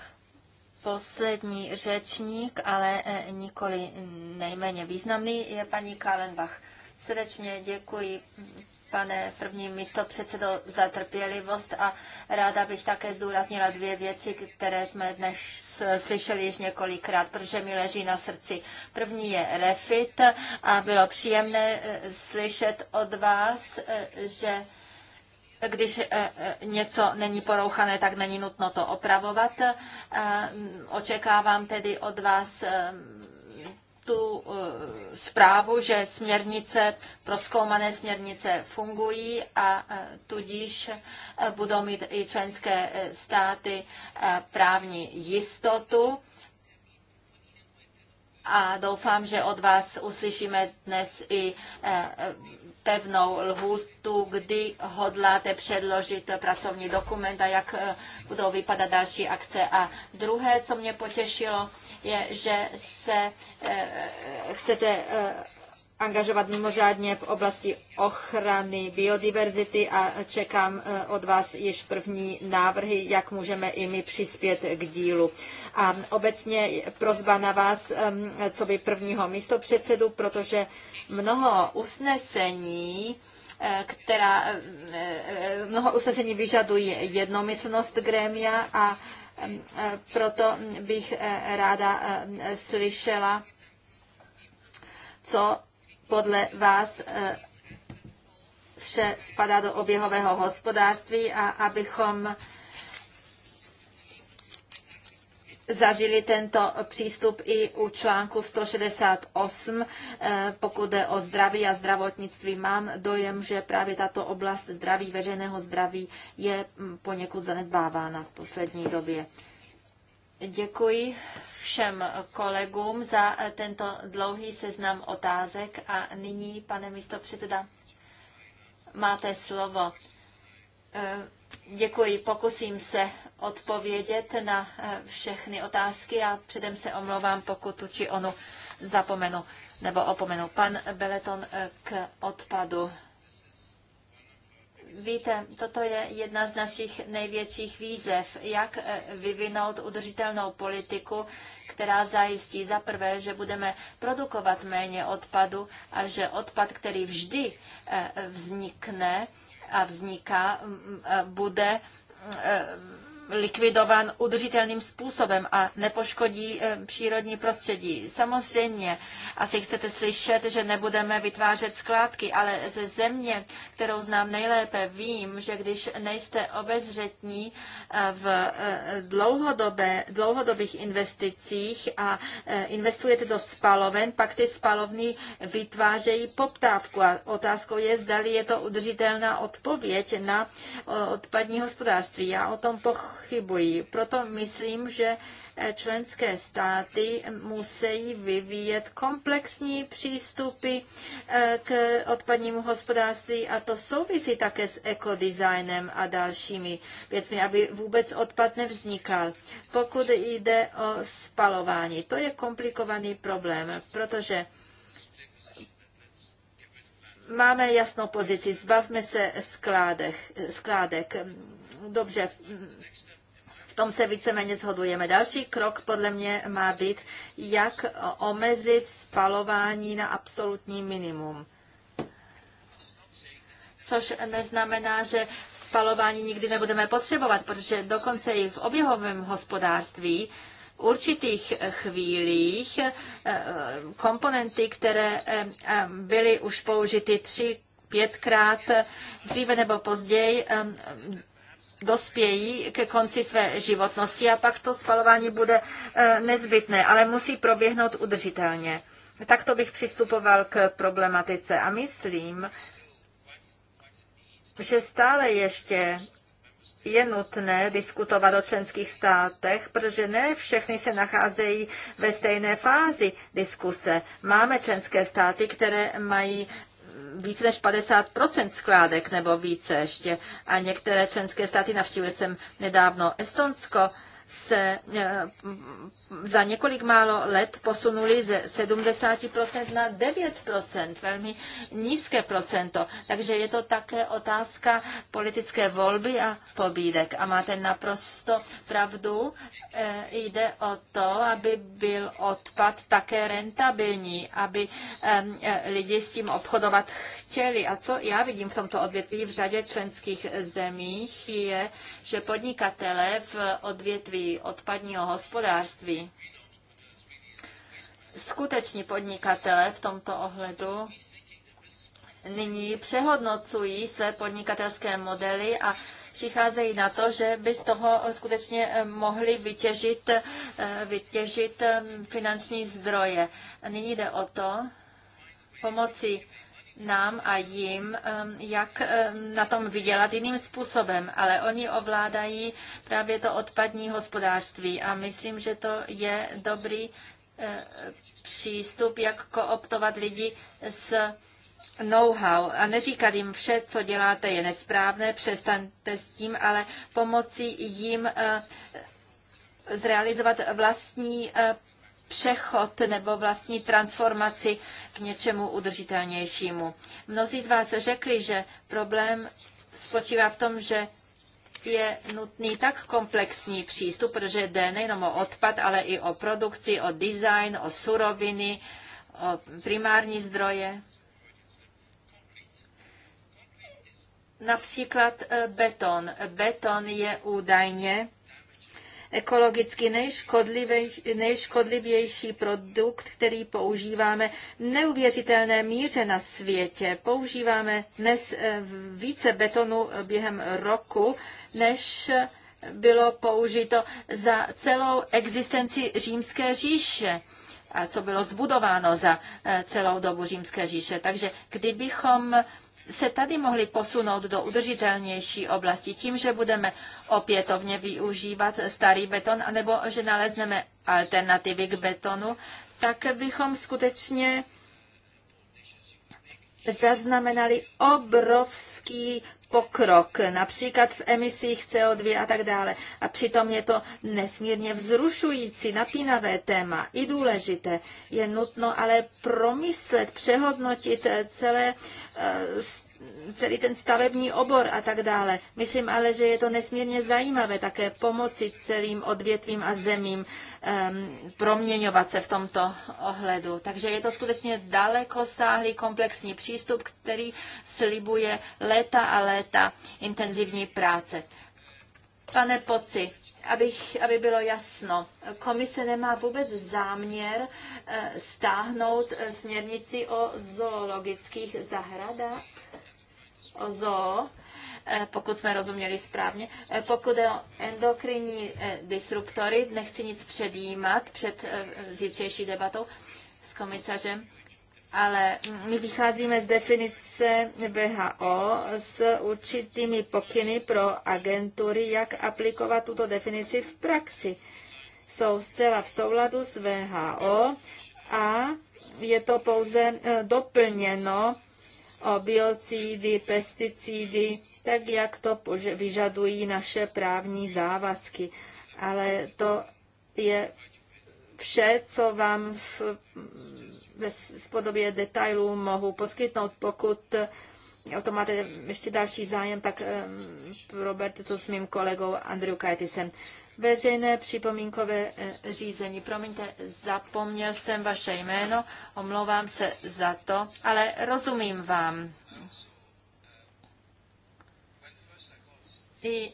Poslední řečník, ale e, nikoli nejméně významný, je paní Kalenbach. Srdečně děkuji pane první místo předsedo, za trpělivost a ráda bych také zdůraznila dvě věci, které jsme dnes slyšeli již několikrát, protože mi leží na srdci. První je refit a bylo příjemné e, slyšet od vás, e, že když eh, eh, něco není porouchané, tak není nutno to opravovat. Eh, očekávám tedy od vás tu zprávu, že směrnice, proskoumané směrnice fungují a tudíž budou mít i členské státy právní jistotu a doufám, že od vás uslyšíme dnes i eh, pevnou lhůtu, kdy hodláte předložit pracovní dokument a jak eh, budou vypadat další akce. A druhé, co mě potěšilo, je, že se eh, chcete angažovat mimořádně v oblasti ochrany biodiverzity a čekám eh, od vás již první návrhy, jak můžeme i my přispět k dílu. A obecně prozba na vás, co by prvního místo předsedu, protože mnoho usnesení eh, která eh, mnoho usnesení vyžadují jednomyslnost grémia a proto bych ráda slyšela, co podle vás eh, vše spadá do oběhového hospodářství a abychom zažili tento přístup i u článku 168, eh, pokud jde o zdraví a zdravotnictví. Mám dojem, že právě tato oblast zdraví, veřejného zdraví je mm, poněkud zanedbávána v poslední době. Děkuji všem kolegům za tento dlouhý seznam otázek a nyní, pane místopředseda, máte slovo. Eh, děkuji, pokusím se odpovědět na eh, všechny otázky a předem se omlouvám, pokud tu či onu zapomenu nebo opomenu. Pan Beleton eh, k odpadu. Víte, toto je jedna z našich největších výzev, jak eh, vyvinout udržitelnou politiku, která zajistí za prvé, že budeme produkovat méně odpadu a že odpad, který vždy eh, vznikne a vzniká, eh, bude likvidován udržitelným způsobem a nepoškodí eh, přírodní prostředí. Samozřejmě asi chcete slyšet, že nebudeme vytvářet skládky, ale ze země, kterou znám nejlépe, vím, že když nejste obezřetní eh, v eh, dlouhodobé, dlouhodobých investicích a investujete do spaloven, pak ty spalovny vytvářejí poptávku a otázkou je, zdali je to udržitelná odpověď na odpadní hospodářství. Já o tom pochopím pochybují. Proto myslím, že eh, členské státy musí vyvíjet komplexní přístupy eh, k odpadnímu hospodářství a to souvisí také s ekodesignem a dalšími věcmi, aby vůbec odpad nevznikal. Pokud jde o spalování, to je komplikovaný problém, protože máme jasnou pozici, zbavme se skládek. skládek. Dobře, v tom se víceméně shodujeme. Další krok podle mě má být, jak omezit spalování na absolutní minimum. Což neznamená, že spalování nikdy nebudeme potřebovat, protože dokonce i v oběhovém hospodářství určitých chvílích eh, komponenty, které eh, byly už použity tři, pětkrát eh, dříve nebo později, dospějí ke konci své životnosti a pak to spalování bude eh, nezbytné, ale musí proběhnout udržitelně. Takto bych přistupoval k problematice a myslím, že stále ještě je nutné diskutovat o členských státech, protože ne všechny se nacházejí ve stejné fázi diskuse. Máme členské státy, které mají více než 50 skládek nebo více ještě. A některé členské státy navštívil jsem nedávno Estonsko se eh, za několik málo let posunuli ze 70% na 9%, velmi nízké procento. Takže je to také otázka politické volby a pobídek. A máte naprosto pravdu, eh, jde o to, aby byl odpad také rentabilní, aby eh, lidi s tím obchodovat chtěli. A co já vidím v tomto odvětví v řadě členských zemích, je, že podnikatele v odvětví odpadního hospodářství. Skuteční podnikatele v tomto ohledu nyní přehodnocují své podnikatelské modely a přicházejí na to, že by z toho skutečně eh, mohli vytěžit, eh, vytěžit eh, finanční zdroje. A nyní jde o to, pomocí nám a jim, um, jak um, na tom vydělat jiným způsobem, ale oni ovládají právě to odpadní hospodářství a myslím, že to je dobrý uh, přístup, jak kooptovat lidi s know-how a neříkat jim vše, co děláte, je nesprávné, přestaňte s tím, ale pomoci jim uh, zrealizovat vlastní uh, přechod nebo vlastní transformaci k něčemu udržitelnějšímu. Mnozí z vás řekli, že problém spočívá v tom, že je nutný tak komplexní přístup, protože jde nejenom o odpad, ale i o produkci, o design, o suroviny, o primární zdroje. Například eh, beton. Beton je údajně ekologicky nejškodlivější produkt, který používáme v neuvěřitelné míře na světě. Používáme dnes eh, více betonu během roku, než bylo použito za celou existenci římské říše a co bylo zbudováno za eh, celou dobu římské říše. Takže kdybychom se tady mohli posunout do udržitelnější oblasti tím, že budeme opětovně využívat starý beton, anebo že nalezneme alternativy k betonu, tak bychom skutečně zaznamenali obrovský pokrok, například v emisích CO2 a tak dále. A přitom je to nesmírně vzrušující, napínavé téma i důležité. Je nutno ale promyslet, přehodnotit eh, celé eh, celý ten stavební obor a tak dále. Myslím ale, že je to nesmírně zajímavé také pomoci celým odvětvím a zemím um, proměňovat se v tomto ohledu. Takže je to skutečně dalekosáhlý komplexní přístup, který slibuje léta a léta intenzivní práce. Pane Poci, abych, aby bylo jasno, komise nemá vůbec záměr eh, stáhnout eh, směrnici o zoologických zahradách? o zoo, eh, pokud jsme rozuměli správně. Eh, pokud je o endokrinní eh, disruptory, nechci nic předjímat před zítřejší debatou s komisařem, ale mm, my vycházíme z definice BHO s určitými pokyny pro agentury, jak aplikovat tuto definici v praxi. Jsou zcela v souladu s VHO a je to pouze doplněno o biocídy, pesticídy, tak jak to vyžadují naše právní závazky. Ale to je vše, co vám v, v podobě detailů mohu poskytnout. Pokud o to máte ještě další zájem, tak um, ehm, Robert to s mým kolegou Andrew Kajtisem veřejné připomínkové eh, řízení. Promiňte, zapomněl jsem vaše jméno, omlouvám se za to, ale rozumím vám. I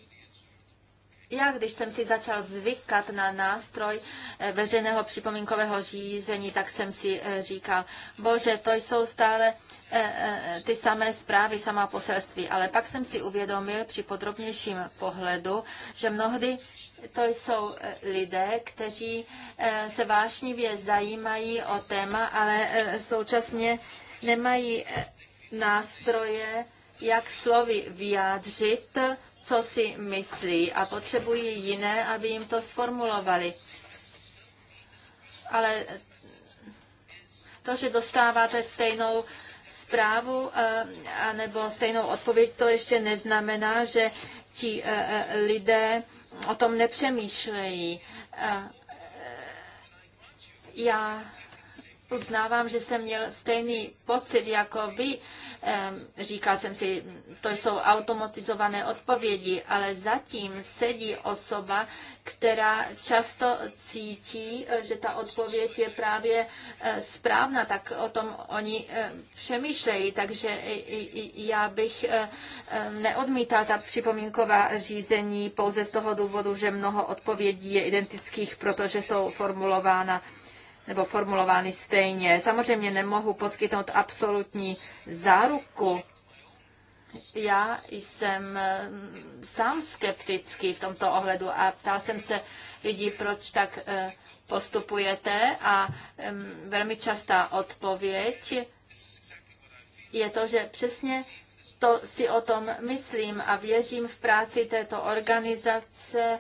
já, když jsem si začal zvykat na nástroj eh, veřejného připomínkového řízení, tak jsem si eh, říkal, bože, to jsou stále eh, ty samé zprávy, samá poselství. Ale pak jsem si uvědomil při podrobnějším pohledu, že mnohdy to jsou lidé, kteří se vášnivě zajímají o téma, ale současně nemají nástroje, jak slovy vyjádřit, co si myslí a potřebují jiné, aby jim to sformulovali. Ale to, že dostáváte stejnou zprávu eh, nebo stejnou odpověď, to ještě neznamená, že ti eh, eh, lidé o tom nepřemýšlejí. Já uznávám, že jsem měl stejný pocit jako vy, Říkal jsem si, to jsou automatizované odpovědi, ale zatím sedí osoba, která často cítí, že ta odpověď je právě e, správná, tak o tom oni e, přemýšlejí. Takže já bych e, neodmítal ta připomínková řízení pouze z toho důvodu, že mnoho odpovědí je identických, protože jsou formulována nebo formulovány stejně. Samozřejmě nemohu poskytnout absolutní záruku. Já jsem eh, sám skeptický v tomto ohledu a ptal jsem se lidí, proč tak eh, postupujete a velmi častá odpověď je to, že přesně to si o tom myslím a věřím v práci této organizace,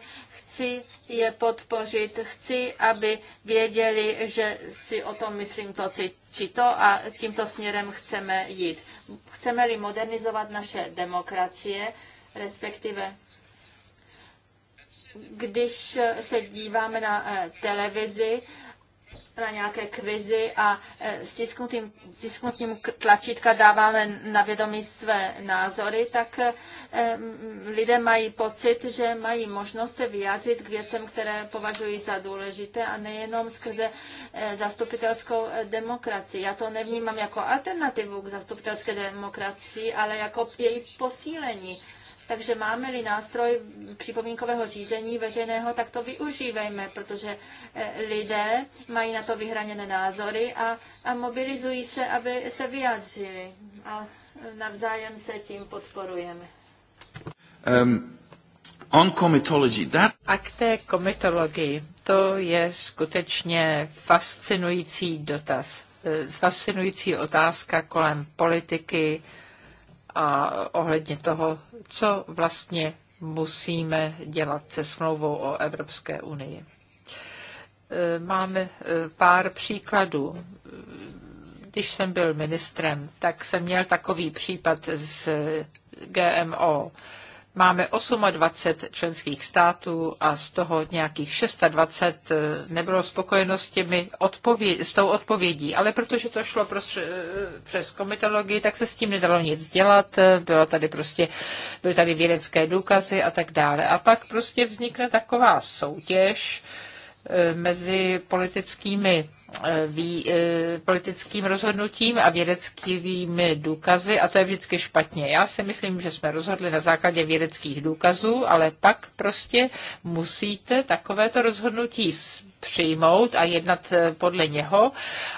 chci je podpořit, chci, aby věděli, že si o tom myslím to či to a tímto směrem chceme jít. Chceme-li modernizovat naše demokracie, respektive když se díváme na eh, televizi, na nějaké kvizy a e, stisknutím, stisknutím tlačítka dáváme na vědomí své názory, tak e, lidé mají pocit, že mají možnost se vyjádřit k věcem, které považují za důležité a nejenom skrze e, zastupitelskou demokracii. Já to nevnímám jako alternativu k zastupitelské demokracii, ale jako její posílení takže máme-li nástroj připomínkového řízení veřejného, tak to využívejme, protože eh, lidé mají na to vyhraněné názory a, a mobilizují se, aby se vyjádřili. A navzájem se tím podporujeme. Um, on komitology, that... A k té komitologii, to je skutečně fascinující dotaz, eh, fascinující otázka kolem politiky, a ohledně toho, co vlastně musíme dělat se smlouvou o Evropské unii. E, máme e, pár příkladů. E, když jsem byl ministrem, tak jsem měl takový případ z GMO. Máme 28 členských států a z toho nějakých 26 eh, nebylo spokojeno s, těmi odpověd, s tou odpovědí. Ale protože to šlo prostě, přes komitologii, tak se s tím nedalo nic dělat. Eh, bylo tady prostě, byly tady vědecké důkazy a tak dále. A pak prostě vznikne taková soutěž mezi politickými Eh, vý, eh, politickým rozhodnutím a vědeckými důkazy a to je vždycky špatně. Já si myslím, že jsme rozhodli na základě vědeckých důkazů, ale pak prostě musíte takovéto rozhodnutí přijmout a jednat eh, podle něho,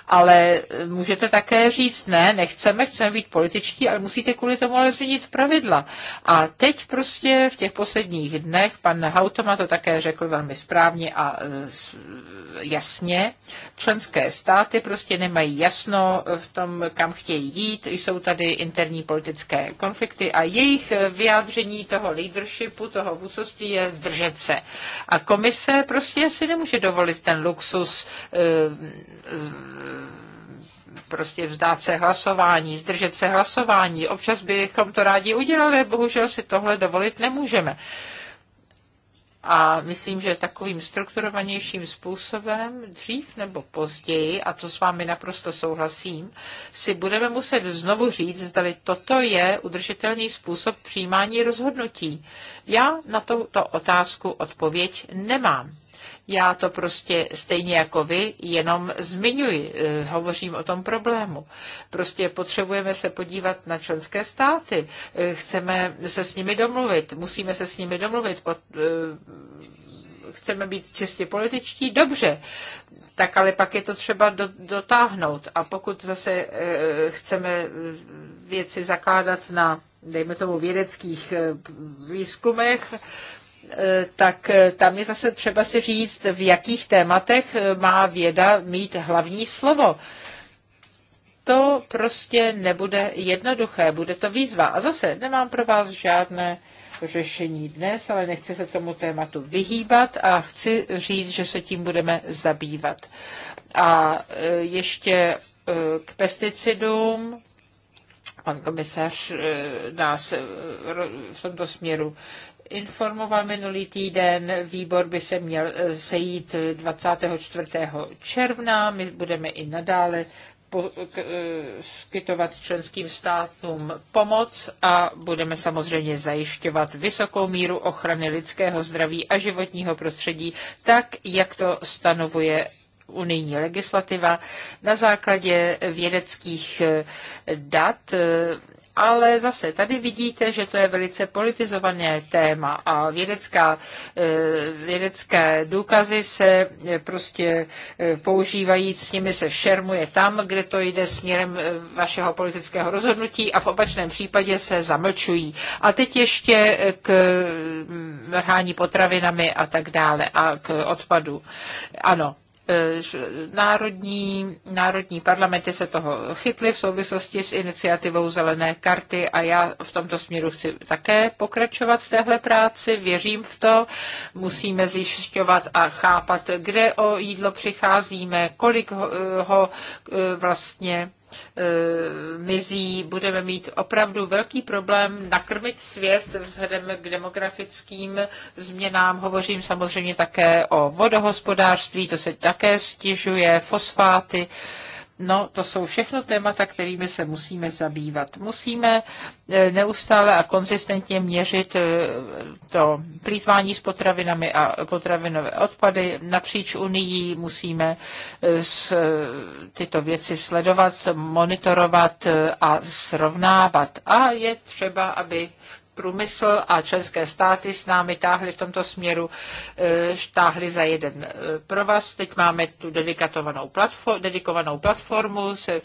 ale eh, můžete také říct, ne, nechceme, chceme být političtí, ale musíte kvůli tomu ale změnit pravidla. A teď prostě v těch posledních dnech, pan Hautoma to také řekl velmi správně a eh, jasně, členské státy prostě nemají jasno v tom, kam chtějí jít, jsou tady interní politické konflikty a jejich vyjádření toho leadershipu, toho vůdcovství je zdržet se. A komise prostě si nemůže dovolit dovolit ten luxus eh, prostě vzdát se hlasování, zdržet se hlasování. Občas bychom to rádi udělali, bohužel si tohle dovolit nemůžeme. A myslím, že takovým strukturovanějším způsobem, dřív nebo později, a to s vámi naprosto souhlasím, si budeme muset znovu říct, zda toto je udržitelný způsob přijímání rozhodnutí. Já na tuto otázku odpověď nemám. Já to prostě stejně jako vy jenom zmiňuji, eh, hovořím o tom problému. Prostě potřebujeme se podívat na členské státy, eh, chceme se s nimi domluvit, musíme se s nimi domluvit, pod, eh, chceme být čistě političtí, dobře, tak ale pak je to třeba do, dotáhnout. A pokud zase chceme věci zakládat na, dejme tomu, vědeckých výzkumech, Eh, tak eh, tam je zase třeba si říct, v jakých tématech eh, má věda mít hlavní slovo. To prostě nebude jednoduché, bude to výzva. A zase nemám pro vás žádné řešení dnes, ale nechci se tomu tématu vyhýbat a chci říct, že se tím budeme zabývat. A ještě k pesticidům. Pan komisař nás v tomto směru informoval minulý týden. Výbor by se měl eh, sejít 24. Eh, června. My budeme i nadále poskytovat eh, členským státům pomoc a budeme samozřejmě zajišťovat vysokou míru ochrany lidského zdraví a životního prostředí, tak jak to stanovuje unijní legislativa na základě vědeckých dat ale zase tady vidíte, že to je velice politizované téma a vědecká, eh, vědecké důkazy se eh, prostě eh, používají, s nimi se šermuje tam, kde to jde směrem vašeho politického rozhodnutí a v opačném případě se zamlčují. A teď ještě k mm, mrhání potravinami a tak dále a k odpadu. Ano, Eh, národní, národní parlamenty se toho chytly v souvislosti s iniciativou Zelené karty a já v tomto směru chci také pokračovat v téhle práci. Věřím v to. Musíme zjišťovat a chápat, kde o jídlo přicházíme, kolik ho, eh, ho eh, vlastně Eh, mizí, budeme mít opravdu velký problém nakrmit svět vzhledem k demografickým změnám. Hovořím samozřejmě také o vodohospodářství, to se také stěžuje, fosfáty. No, to jsou všechno témata, kterými se musíme zabývat. Musíme eh, neustále a konzistentně měřit eh, to plítvání s potravinami a potravinové odpady. Napříč Unii musíme eh, s, tyto věci sledovat, monitorovat a srovnávat. A je třeba, aby průmysl a členské státy s námi táhly v tomto směru, eh, táhly za jeden eh, provaz. Teď máme tu platform, dedikovanou platformu se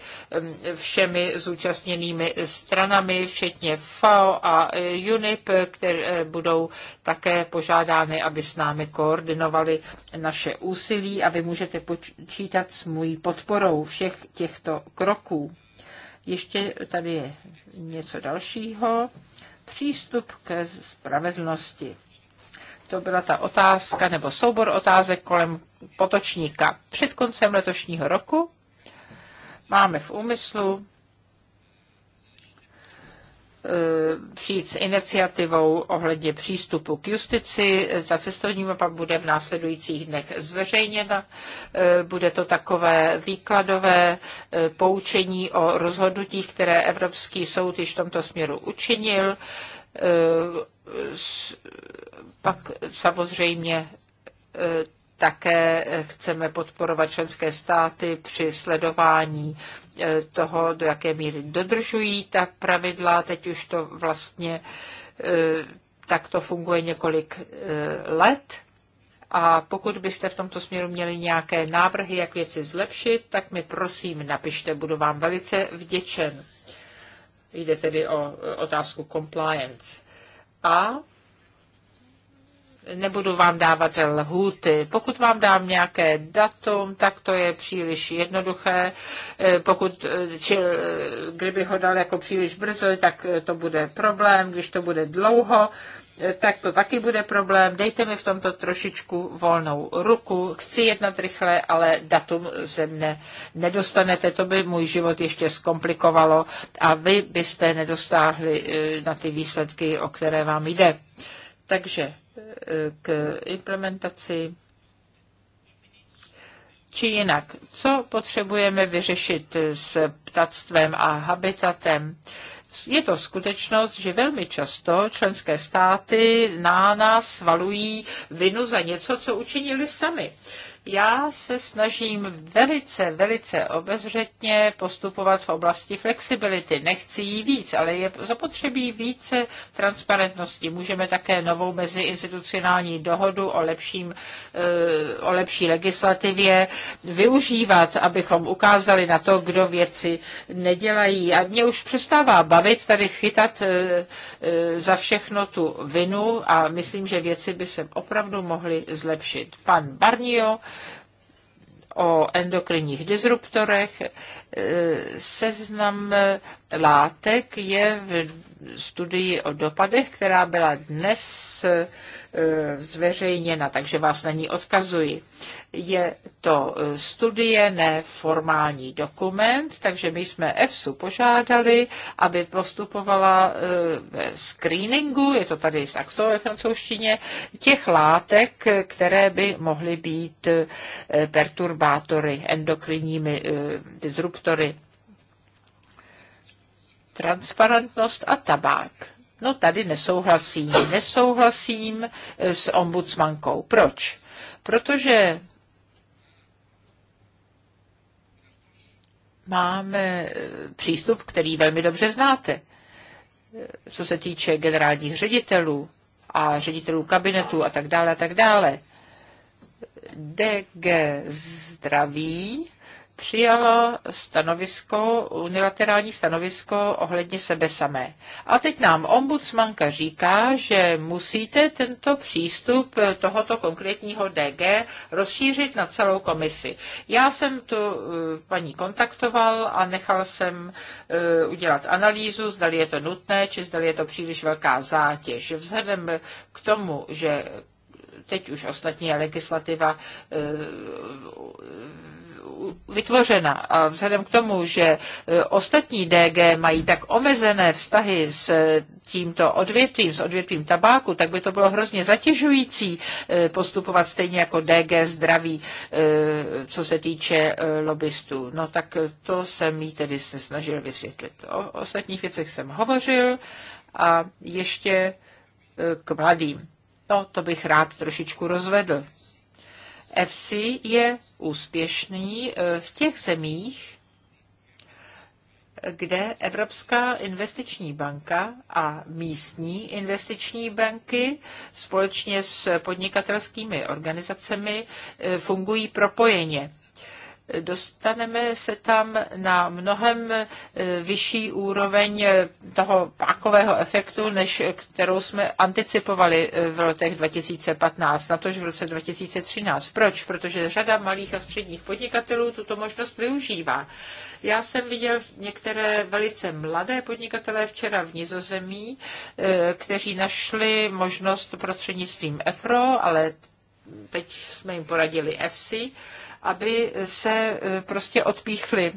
eh, všemi zúčastněnými stranami, včetně FAO a UNIP, které budou také požádány, aby s námi koordinovali naše úsilí a vy můžete počítat s mojí podporou všech těchto kroků. Ještě tady je něco dalšího přístup ke spravedlnosti. To byla ta otázka nebo soubor otázek kolem potočníka. Před koncem letošního roku máme v úmyslu Eh, přijít s iniciativou ohledně přístupu k justici. Ta cestovní mapa bude v následujících dnech zveřejněna. Eh, bude to takové výkladové eh, poučení o rozhodnutích, které Evropský soud již v tomto směru učinil. Pak samozřejmě také eh, chceme podporovat členské státy při sledování eh, toho, do jaké míry dodržují ta pravidla. Teď už to vlastně eh, tak to funguje několik let. A pokud byste v tomto směru měli nějaké návrhy, jak věci zlepšit, tak mi prosím napište, budu vám velice vděčen. Jde tedy o otázku compliance. A nebudu vám dávat lhůty. Pokud vám dám nějaké datum, tak to je příliš jednoduché. Eh, pokud, eh, či, eh, kdyby ho dal jako příliš brzo, tak to bude problém. Když to bude dlouho, tak to taky bude problém. Dejte mi v tomto trošičku volnou ruku. Chci jednat rychle, ale datum ze mne nedostanete. To by můj život ještě zkomplikovalo a vy byste nedostáhli na ty výsledky, o které vám jde. Takže k implementaci či jinak, co potřebujeme vyřešit s ptactvem a habitatem? Je to skutečnost, že velmi často členské státy na nás valují vinu za něco, co učinili sami. Já se snažím velice, velice obezřetně postupovat v oblasti flexibility. Nechci jí víc, ale je zapotřebí více transparentnosti. Můžeme také novou meziinstitucionální dohodu o, lepším, eh, o lepší legislativě využívat, abychom ukázali na to, kdo věci nedělají. A mě už přestává bavit tady chytat eh, eh, za všechno tu vinu a myslím, že věci by se opravdu mohly zlepšit. Pan Barnio o endokrinních disruptorech. E, seznam látek je v studii o dopadech, která byla dnes e, zveřejněna, takže vás na ní odkazuji. Je to e, studie, neformální dokument, takže my jsme EFSU požádali, aby postupovala e, ve screeningu, je to tady takto ve francouzštině, těch látek, které by mohly být perturbátory, endokrinními disruptory transparentnost a tabák. No tady nesouhlasím. Nesouhlasím eh, s ombudsmankou. Proč? Protože máme eh, přístup, který velmi dobře znáte, eh, co se týče generálních ředitelů a ředitelů kabinetu a tak dále a tak dále. DG zdraví přijala stanovisko, unilaterální stanovisko ohledně sebe samé. A teď nám ombudsmanka říká, že musíte tento přístup tohoto konkrétního DG rozšířit na celou komisi. Já jsem tu eh, paní kontaktoval a nechal jsem eh, udělat analýzu, zdali je to nutné, či zdali je to příliš velká zátěž. Vzhledem k tomu, že teď už ostatní legislativa eh, vytvořena. A vzhledem k tomu, že e, ostatní DG mají tak omezené vztahy s e, tímto odvětvím, s odvětvím tabáku, tak by to bylo hrozně zatěžující e, postupovat stejně jako DG zdraví, co se týče lobbystů. No tak to jsem jí tedy se snažil vysvětlit. O ostatních věcech jsem hovořil a ještě k mladým. No, to bych rád trošičku rozvedl. FC je úspěšný eh, v těch zemích, kde Evropská investiční banka a místní investiční banky společně s podnikatelskými organizacemi eh, fungují propojeně dostaneme se tam na mnohem e, vyšší úroveň e, toho pákového efektu, než kterou jsme anticipovali e, v letech 2015, na tož v roce 2013. Proč? Protože řada malých a středních podnikatelů tuto možnost využívá. Já jsem viděl některé velice mladé podnikatele včera v Nizozemí, kteří našli možnost prostřednictvím EFRO, ale teď jsme jim poradili EFSI, aby se eh, prostě odpíchly.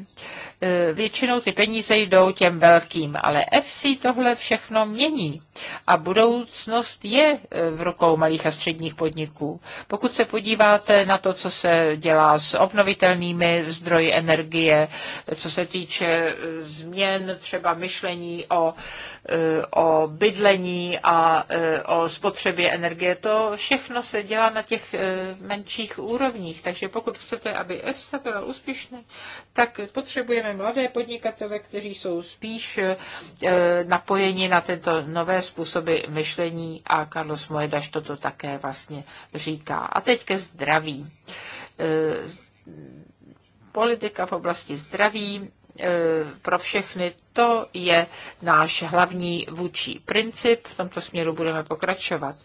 Eh, většinou ty peníze jdou těm velkým, ale FC tohle všechno mění a budoucnost je eh, v rukou malých a středních podniků. Pokud se podíváte na to, co se dělá s obnovitelnými zdroji energie, co se týče změn třeba myšlení o o bydlení a e, o spotřebě energie. To všechno se dělá na těch e, menších úrovních, takže pokud chcete, aby EFSA byla úspěšná, tak potřebujeme mladé podnikatele, kteří jsou spíš e, napojeni na tyto nové způsoby myšlení a Carlos Moedaš toto také vlastně říká. A teď ke zdraví. Politika v oblasti zdraví pro všechny to je náš hlavní vůči princip, v tomto směru budeme pokračovat.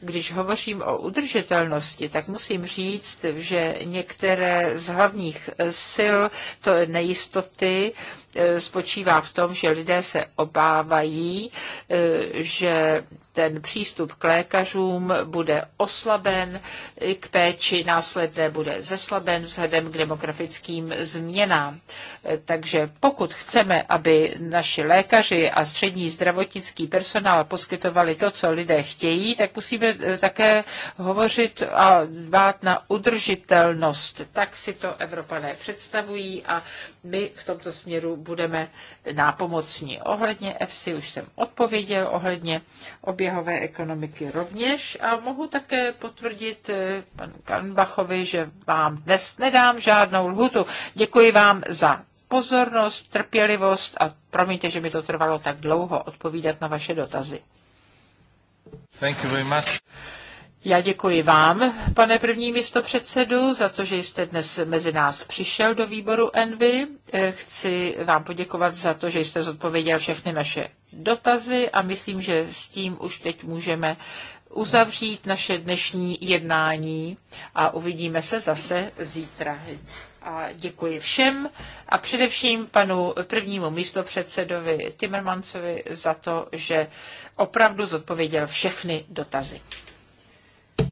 Když hovořím o udržitelnosti, tak musím říct, že některé z hlavních sil to nejistoty eh, spočívá v tom, že lidé se obávají, eh, že ten přístup k lékařům bude oslaben, k péči následné bude zeslaben vzhledem k demografickým změnám. Eh, takže pokud chceme, aby naši lékaři a střední zdravotnický personál poskytovali to, co lidé chtějí, tak musíme eh, také hovořit a dbát na udržitelnost. Tak si to Evropané představují a my v tomto směru budeme nápomocní. Ohledně EFSI už jsem odpověděl, ohledně oběhové ekonomiky rovněž a mohu také potvrdit eh, panu Kanbachovi, že vám dnes nedám žádnou lhutu. Děkuji vám za pozornost, trpělivost a promiňte, že mi to trvalo tak dlouho odpovídat na vaše dotazy. Thank you very much. Já děkuji vám, pane první místo předsedu, za to, že jste dnes mezi nás přišel do výboru Envy. Eh, chci vám poděkovat za to, že jste zodpověděl všechny naše dotazy a myslím, že s tím už teď můžeme uzavřít naše dnešní jednání a uvidíme se zase zítra a děkuji všem a především panu prvnímu místopředsedovi Timmermansovi za to, že opravdu zodpověděl všechny dotazy.